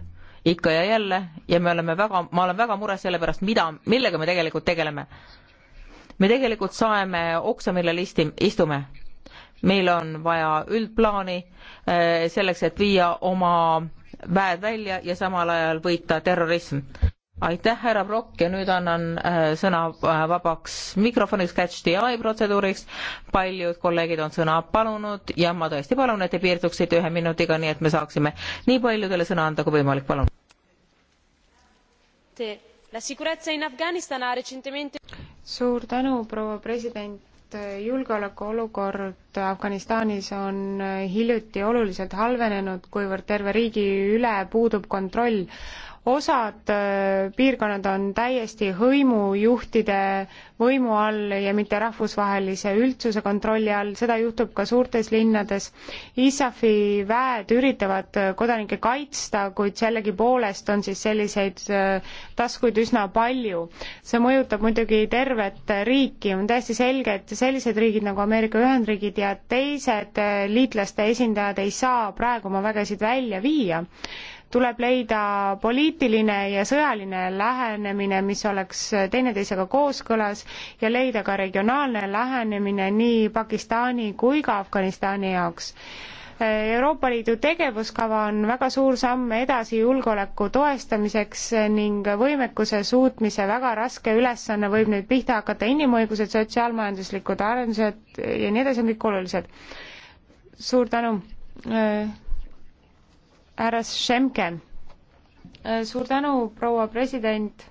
ikka ja jälle ja me oleme väga, ma olen väga mures selle pärast, mida, millega me tegelikult tegeleme. me tegelikult saeme oksa, millel isti-, istume meil on vaja üldplaani eh, selleks, et viia oma väed välja ja samal ajal võita terrorism. aitäh, härra Brock ja nüüd annan eh, sõna eh, vabaks mikrofoniks, catch the eye protseduuriks. paljud kolleegid on sõna palunud ja ma tõesti palun, et te piirduksite ühe minutiga, nii et me saaksime nii paljudele sõna anda kui võimalik, palun. suur tänu, proua president julgeolekuolukord olukord Afganistanis on hiljuti oluliselt halvenenud, kuivõrd terve riigi üle puudub kontroll. osad äh, piirkonnad on täiesti hõimujuhtide võimu all ja mitte rahvusvahelise üldsuse kontrolli all, seda juhtub ka suurtes linnades. ISAF-i väed üritavad äh, kodanikke kaitsta, kuid sellegipoolest on siis selliseid äh, taskuid üsna palju. see mõjutab muidugi tervet riiki, on täiesti selge, et sellised riigid nagu Ameerika Ühendriigid ja ja teised äh, liitlaste esindajad ei saa praegu oma vägesid välja viia. tuleb leida poliitiline ja sõjaline lähenemine, mis oleks äh, teineteisega kooskõlas ja leida ka regionaalne lähenemine nii Pakistani kui ka Afganistani jaoks Euroopa Liidu tegevuskava on väga suur samm edasi julgeoleku toestamiseks ning võimekuse suutmise väga raske ülesanne võib nüüd pihta hakata, inimõigused, sotsiaalmajanduslikud arendused ja nii edasi on kõik olulised. suur tänu, äh, härra Šemke. Äh, suur tänu, proua president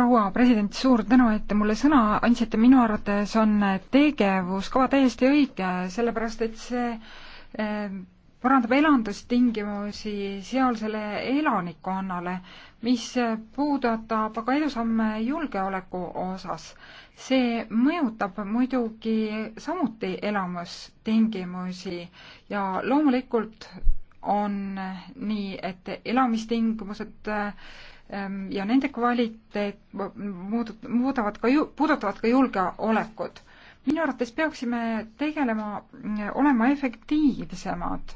proua president, suur tänu, et te mulle sõna andsite, minu arvates on tegevuskava täiesti õige, sellepärast et see eh, parandab elandustingimusi sealsele elanikkonnale, mis puudutab aga edusamme julgeoleku osas. see mõjutab muidugi samuti elamustingimusi ja loomulikult on nii, et elamistingimused äh, Ehm, ja nende kvaliteet muudavad ka, puudutavad ka julgeolekut. minu arvates peaksime tegelema, mm, olema efektiivsemad,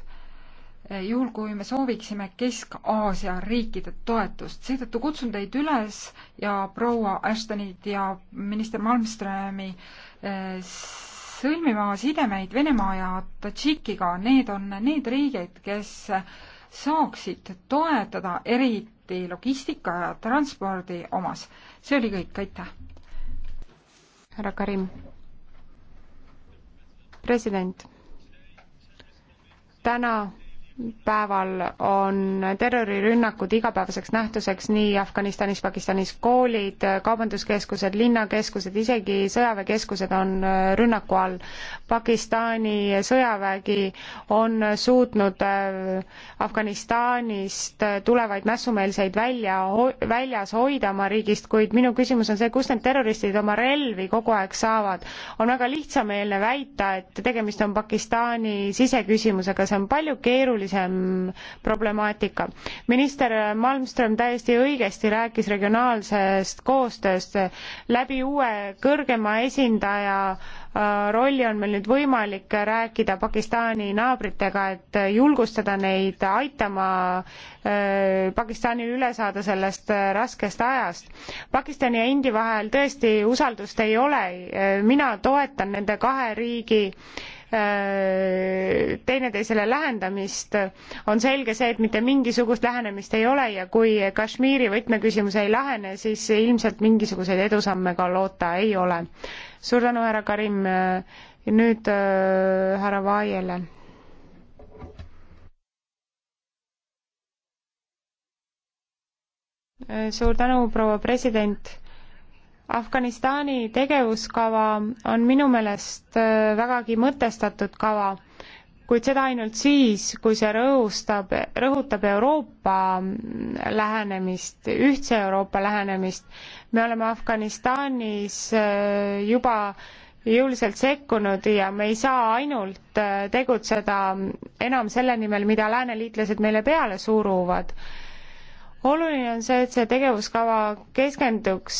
eh, juhul kui me sooviksime Kesk-Aasia riikide toetust. seetõttu kutsun teid üles ja proua Ashtonit ja minister Malmströmi eh, sõlmima sidemeid Venemaa ja Tadžikiga, need on need riigid, kes saaksid toetada eri eriti logistika ja transpordi omas. see oli kõik, aitäh. härra Karim. president. täna päeval on terrorirünnakud igapäevaseks nähtuseks nii Afganistanis, Pakistanis koolid, kaubanduskeskused, linnakeskused, isegi sõjaväekeskused on äh, rünnaku all. Pakistani sõjavägi on suutnud äh, Afganistanist äh, tulevaid mässumeelseid välja, väljas hoida oma riigist, kuid minu küsimus on see, kust need terroristid oma relvi kogu aeg saavad. on väga lihtsameelne väita, et tegemist on Pakistani siseküsimusega, see on palju keerulisem keerulisem problemaatika. minister Malmström täiesti õigesti rääkis regionaalsest koostööst. läbi uue kõrgema esindaja äh, rolli on meil nüüd võimalik rääkida Pakistani naabritega, et julgustada neid aitama äh, Pakistanil üle saada sellest äh, raskest ajast. Pakistani ja India vahel tõesti usaldust ei ole. mina toetan nende kahe riigi Äh, teineteisele lähendamist, on selge see, et mitte mingisugust lähenemist ei ole ja kui Kashmiri võtmeküsimus ei lahene, siis ilmselt mingisuguseid edusamme ka loota ei ole. suur tänu, härra Karim, nüüd äh, härra Vaiele äh, suur tänu, proua president. Afganistani tegevuskava on minu meelest äh, vägagi mõtestatud kava, kuid seda ainult siis, kui see rõhustab, rõhutab Euroopa mm, lähenemist, ühtse Euroopa lähenemist. me oleme Afganistanis äh, juba jõuliselt sekkunud ja me ei saa ainult äh, tegutseda enam selle nimel, mida lääneliitlased meile peale suruvad oluline on see, et see tegevuskava keskenduks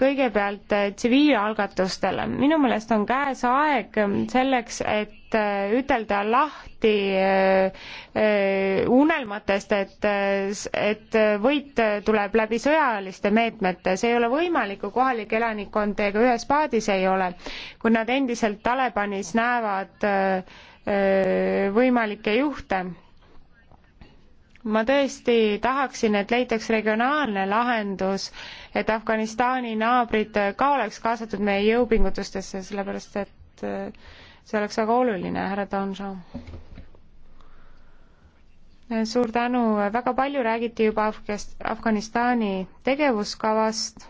kõigepealt eh, tsiviilalgatustele. minu meelest on käes aeg mm, selleks, et eh, ütelda lahti eh, unelmatest, et, et võit tuleb läbi sõjaliste meetmete, see ei ole võimalik, kui kohalik elanikkond teiega ühes paadis ei ole. kui nad endiselt Talibanis näevad võimalikke juhte ma tõesti tahaksin, et leitaks regionaalne lahendus, et Afganistani naabrid ka oleks kaasatud meie jõupingutustesse, sellepärast et eh, see oleks väga oluline, härra Donjon. suur tänu, väga palju räägiti juba Afgast-, Afganistani tegevuskavast,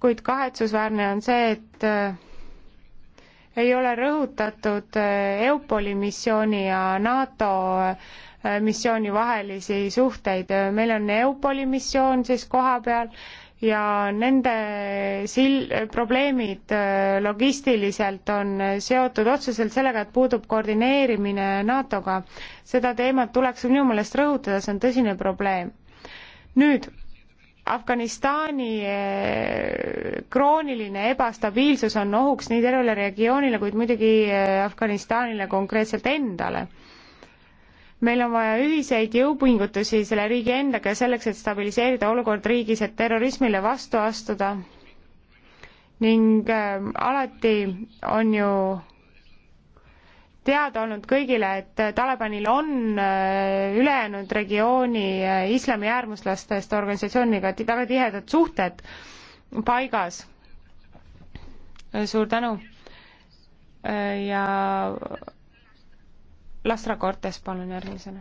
kuid kahetsusväärne on see, et eh, ei ole rõhutatud eh, EUPOL-i missiooni ja NATO eh, missiooni vahelisi suhteid. meil on EUPOL-i missioon siis kohapeal ja nende sil-, probleemid eh, logistiliselt on seotud otseselt sellega, et puudub koordineerimine NATO-ga. seda teemat tuleks minu meelest rõhutada, see on tõsine probleem. nüüd Afganistani eh, krooniline ebastabiilsus on ohuks nii tervele regioonile, kuid muidugi eh, Afganistanile konkreetselt endale. meil on vaja ühiseid jõupingutusi selle riigi endaga selleks, et stabiliseerida olukord riigis, et terrorismile vastu astuda ning eh, alati on ju teada olnud kõigile, et Talibanil on äh, ülejäänud regiooni äh, islami äärmuslastest organisatsiooniga väga tihedad suhted paigas. suur tänu. Äh, ja Lastra Cortes, palun järgmisena.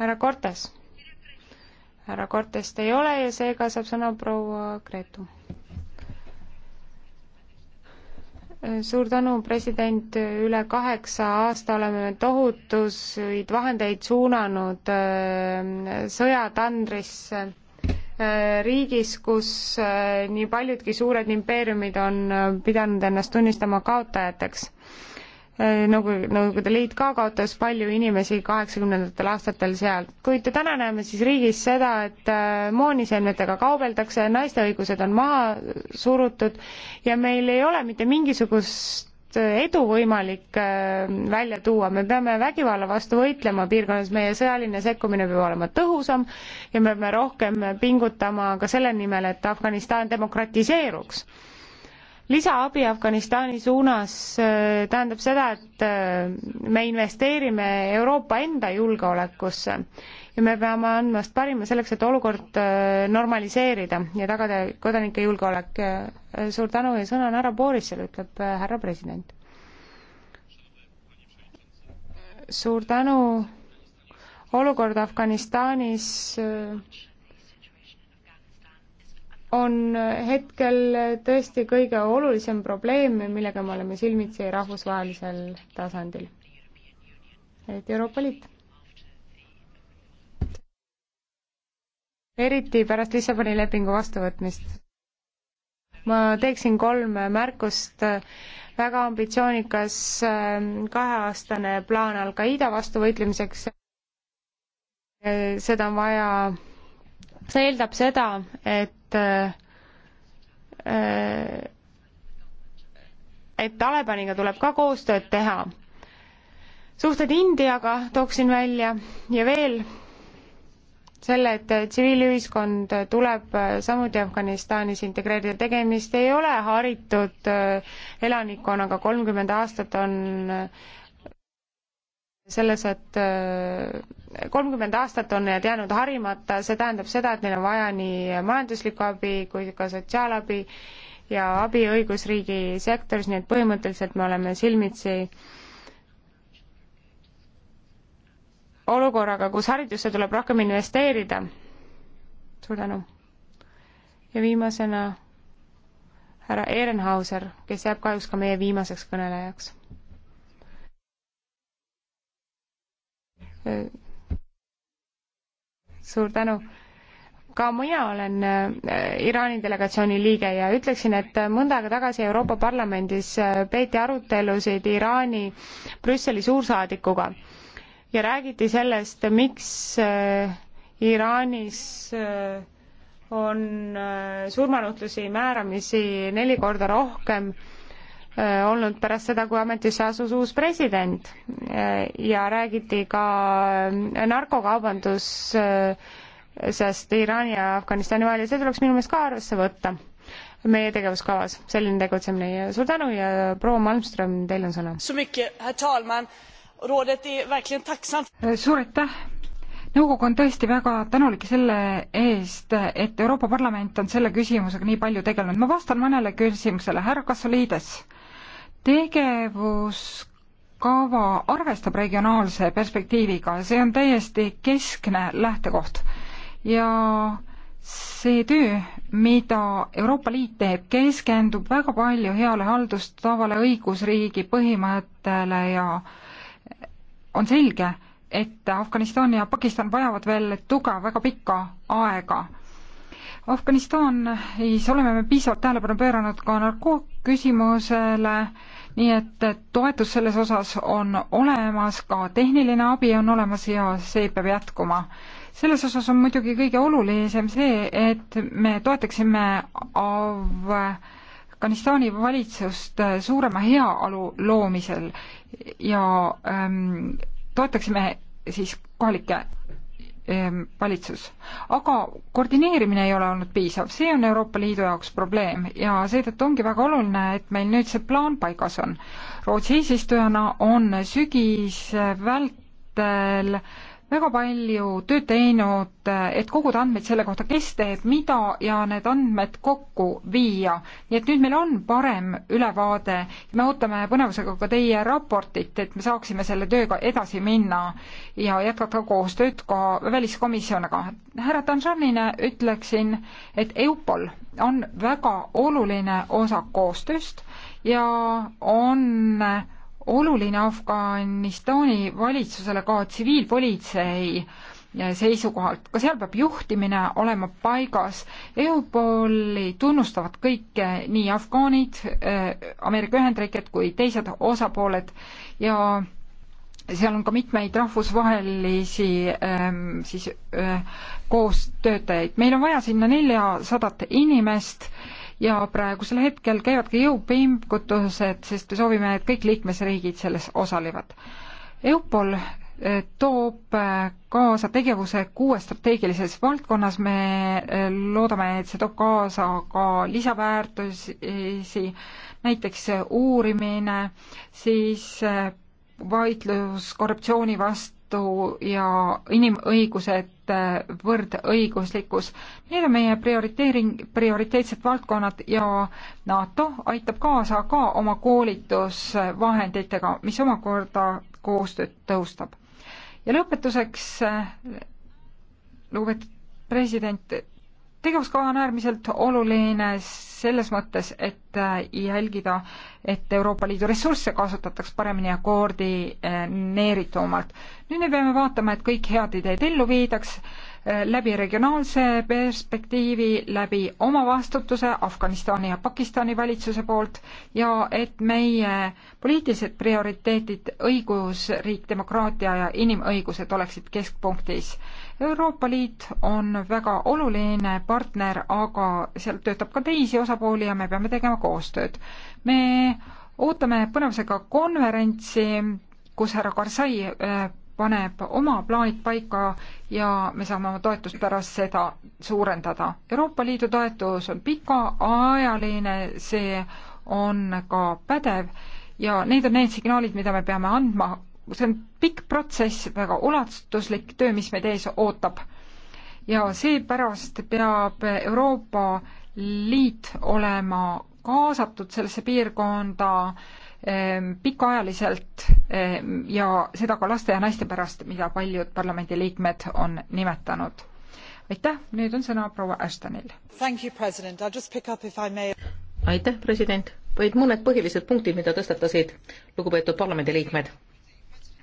härra Cortes härra Cortest ei ole ja seega saab sõna proua Gretu. suur tänu, president, üle kaheksa aasta oleme tohutuid vahendeid suunanud äh, sõjatandrisse äh, riigis, kus äh, nii paljudki suured impeeriumid on pidanud ennast tunnistama kaotajateks Äh, Nõukogude, Nõukogude Liit ka kaotas palju inimesi kaheksakümnendatel aastatel seal, kuid täna näeme siis riigis seda, et äh, mooniseemnetega kaubeldakse, naiste õigused on maha surutud ja meil ei ole mitte mingisugust äh, edu võimalik välja tuua, me peame vägivalla vastu võitlema piirkonnas, meie sõjaline sekkumine peab olema tõhusam ja me peame rohkem pingutama ka selle nimel, et Afganistan demokratiseeruks lisaabi Afganistani suunas äh, tähendab seda, et äh, me investeerime Euroopa enda julgeolekusse ja me peame andma parima selleks, et olukord äh, normaliseerida ja tagada kodanike julgeolek. suur tänu ja sõna on härra Borisele, ütleb härra president. suur tänu, olukord Afganistanis on hetkel tõesti kõige olulisem probleem, millega me oleme silmitsi rahvusvahelisel tasandil, eriti Euroopa Liit. eriti pärast Lissaboni lepingu vastuvõtmist. ma teeksin kolm märkust, väga ambitsioonikas ähm, kaheaastane plaan Al-Qaeda vastu võitlemiseks, äh, seda on vaja, see eeldab seda, et et äh, et Talibaniga tuleb ka koostööd teha. suhted Indiaga tooksin välja ja veel selle, et tsiviilühiskond tuleb samuti Afganistanis integreerida, tegemist ei ole haritud äh, elanikkonnaga, kolmkümmend aastat on äh, selles, et äh, kolmkümmend aastat on need jäänud harimata, see tähendab seda, et neil on vaja nii majanduslikku abi kui ka sotsiaalabi ja abi õigusriigi sektoris, nii et põhimõtteliselt me oleme silmitsi olukorraga, kus haridusse tuleb rohkem investeerida. suur tänu. ja viimasena härra Ehrenhauser, kes jääb kahjuks ka meie viimaseks kõnelejaks suur tänu. ka mina olen äh, Iraani delegatsiooni liige ja ütleksin, et mõnda aega tagasi Euroopa Parlamendis äh, peeti arutelusid Iraani Brüsseli suursaadikuga ja räägiti sellest, miks äh, Iraanis on surmanuhtlusi määramisi neli korda rohkem Äh, olnud pärast seda, kui ametisse asus uus president äh, ja räägiti ka äh, narkokaubandus sest Iraani ja Afganistani vahel ja see tuleks minu meelest ka arvesse võtta meie tegevuskavas, selline tegutsemine ja suur tänu ja proua Malmström, teil on sõna. suur aitäh, nõukogu on tõesti väga tänulik selle eest, et Euroopa Parlament on selle küsimusega nii palju tegelenud, ma vastan mõnele küsimusele, härra Kassoliides tegevuskava arvestab regionaalse perspektiiviga, see on täiesti keskne lähtekoht ja see töö, mida Euroopa Liit teeb, keskendub väga palju heale haldustavale õigusriigi põhimõttele ja on selge, et Afganistan ja Pakistan vajavad veel tuge väga pikka aega Afganistanis oleme me piisavalt tähelepanu pööranud ka narkootküsimusele, nii et toetus selles osas on olemas, ka tehniline abi on olemas ja see peab jätkuma. selles osas on muidugi kõige olulisem see, et me toetaksime Afganistani valitsust suurema heaolu loomisel ja ähm, toetaksime siis kohalikke valitsus. aga koordineerimine ei ole olnud piisav, see on Euroopa Liidu jaoks probleem ja seetõttu ongi väga oluline, et meil nüüd see plaan paigas on. Rootsi eesistujana on sügisvältel väga palju tööd teinud, et koguda andmeid selle kohta, kes teeb mida ja need andmed kokku viia. nii et nüüd meil on parem ülevaade ja me ootame põnevusega ka teie raportit, et me saaksime selle tööga edasi minna ja jätkata koostööd ka väliskomisjoniga. härra Tanžanile ütleksin, et EUPOL on väga oluline osa koostööst ja on oluline Afganistani valitsusele ka tsiviilpolitsei seisukohalt, ka seal peab juhtimine olema paigas. EUPOL-i tunnustavad kõik nii afgaanid, äh, Ameerika Ühendriigid kui teised osapooled ja seal on ka mitmeid rahvusvahelisi ähm, siis äh, koostöötajaid. meil on vaja sinna neljasadat inimest äh, ja praegusel hetkel käivadki jõupingutused, sest me soovime, et kõik liikmesriigid selles osalevad. EUPOL eh, toob eh, kaasa tegevuse kuues strateegilises valdkonnas, me eh, loodame, et see toob kaasa ka lisaväärtusi, näiteks uurimine, siis vaidlus korruptsiooni vastu ja inimõigused sooste äh, võrdõiguslikkus. Need on meie prioriteering, prioriteetsed valdkonnad ja NATO aitab kaasa ka oma koolitusvahenditega, mis omakorda koostööd tõhustab. ja lõpetuseks, äh, lugupeetud president, tegevuskava on äärmiselt oluline selles mõttes, et äh, jälgida, et Euroopa Liidu ressursse kasutataks paremini ja koordineeritumalt. nüüd me peame vaatama, et kõik head ideed ellu viidaks äh, läbi regionaalse perspektiivi, läbi omavastutuse Afganistani ja Pakistani valitsuse poolt ja et meie poliitilised prioriteetid, õigusriik, demokraatia ja inimõigused oleksid keskpunktis Euroopa Liit on väga oluline partner, aga seal töötab ka teisi osa osapooli ja me peame tegema koostööd. me ootame põnevusega konverentsi, kus härra Karzai äh, paneb oma plaanid paika ja me saame oma toetust pärast seda suurendada. Euroopa Liidu toetus on pikaajaline, see on ka pädev ja need on need signaalid, mida me peame andma. see on pikk protsess, väga ulatuslik töö, mis meid ees ootab. ja seepärast peab Euroopa Liit olema kaasatud sellesse piirkonda ehm, pikaajaliselt ehm, ja seda ka laste ja naiste pärast, mida paljud parlamendiliikmed on nimetanud. aitäh, nüüd on sõna proua Ashtonil. aitäh, president, vaid mõned põhilised punktid, mida tõstatasid lugupeetud parlamendiliikmed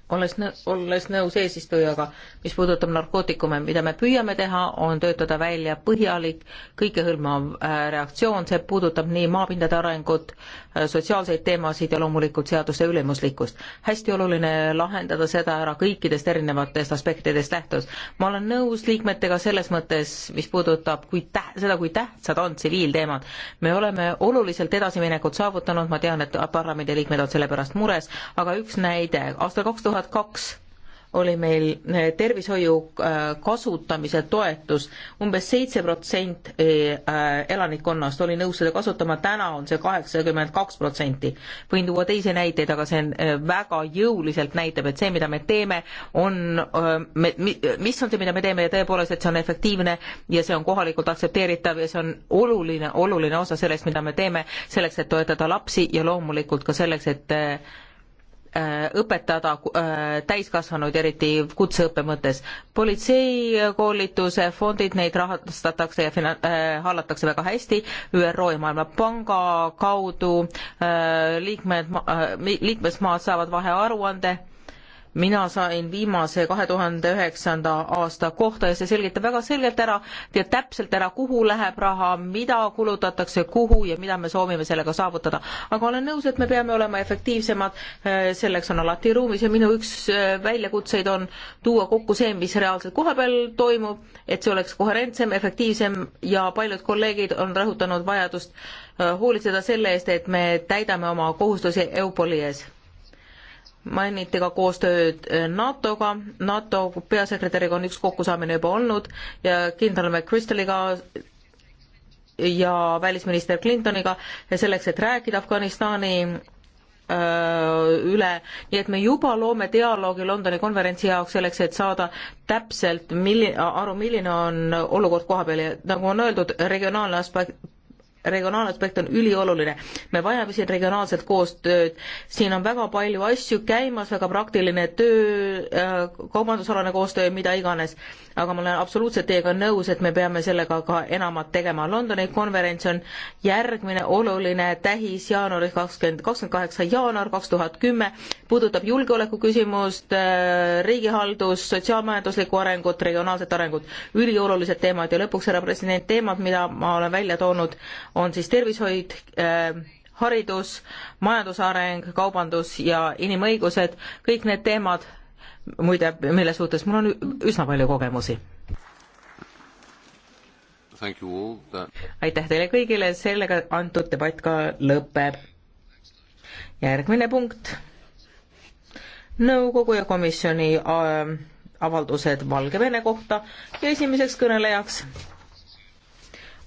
olles nõ-, olles nõus eesistujaga, mis puudutab narkootikume, mida me püüame teha, on töötada välja põhjalik, kõikehõlmav äh, reaktsioon, see puudutab nii maapindade arengut, äh, sotsiaalseid teemasid ja loomulikult seaduste ülemuslikkust. hästi oluline lahendada seda ära kõikidest erinevatest aspektidest lähtus. ma olen nõus liikmetega selles mõttes, mis puudutab, kui täht-, seda, kui tähtsad on tsiviilteemad. me oleme oluliselt edasiminekut saavutanud, ma tean, et parlamendiliikmed on selle pärast mures, aga üks näide, aastal kaks tuhat tuhat kaks oli meil eh, tervishoiu eh, kasutamise toetus umbes, umbes seitse protsenti eh, elanikkonnast oli nõus seda kasutama, täna on see kaheksakümmend kaks protsenti. võin tuua teisi näiteid, aga see on väga jõuliselt näitab, et see, mida me teeme, on, me, mis on see, mida me teeme ja tõepoolest, et see on efektiivne ja see on kohalikult aktsepteeritav ja see on oluline, oluline osa sellest, mida me teeme, selleks, et toetada lapsi ja loomulikult ka selleks, et Äh, õpetada äh, täiskasvanuid, eriti kutseõppe mõttes. politseikoolituse fondid, neid rahastatakse ja fina-, äh, hallatakse väga hästi ÜRO ja Maailmapanga kaudu, liikmed, liikmesmaad saavad vahearuande mina sain viimase kahe tuhande üheksanda aasta kohta ja see selgitab väga selgelt ära, tead täpselt ära, kuhu läheb raha, mida kulutatakse, kuhu ja mida me soovime sellega saavutada. aga olen nõus, et me peame olema efektiivsemad, äh, selleks on alati ruumis ja minu üks äh, väljakutseid on tuua kokku see, mis reaalselt kohapeal toimub, et see oleks koherentsem, efektiivsem ja paljud kolleegid on rõhutanud vajadust äh, hoolitseda selle eest, et me täidame oma kohustusi EUPOL-i ees mainiti ka koostööd eh, NATO-ga, NATO peasekretäriga on üks kokkusaamine juba olnud ja kindral McChrystaliga ja välisminister Clintoniga ja selleks, et rääkida Afganistani eh, üle, nii et me juba loome dialoogi Londoni konverentsi jaoks selleks, et saada täpselt milli-, aru, milline on olukord koha peal ja nagu on öeldud, regionaalne aspekt regionaalaspekt on ülioluline. me vajame siin regionaalset koostööd, siin on väga palju asju käimas, väga praktiline töö, äh, kaubandusalane koostöö, mida iganes, aga ma olen absoluutselt teiega nõus, et me peame sellega ka enamat tegema. Londoni konverents on järgmine oluline tähis jaanuaris kakskümmend, kakskümmend kaheksa jaanuar kaks tuhat kümme, puudutab julgeoleku küsimust, äh, riigihaldust, sotsiaalmajanduslikku arengut, regionaalset arengut, üliolulised teemad ja lõpuks, härra president, teemad, mida ma olen välja toonud, on siis tervishoid, äh, haridus, majandusareng, kaubandus ja inimõigused, kõik need teemad, muide, mille suhtes mul on üsna palju kogemusi. aitäh teile kõigile, sellega antud debatt ka lõpeb. järgmine punkt, nõukogu ja komisjoni äh, avaldused Valgevene kohta ja esimeseks kõnelejaks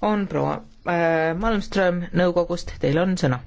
on proua Äh, Malmström nõukogust, teil on sõna.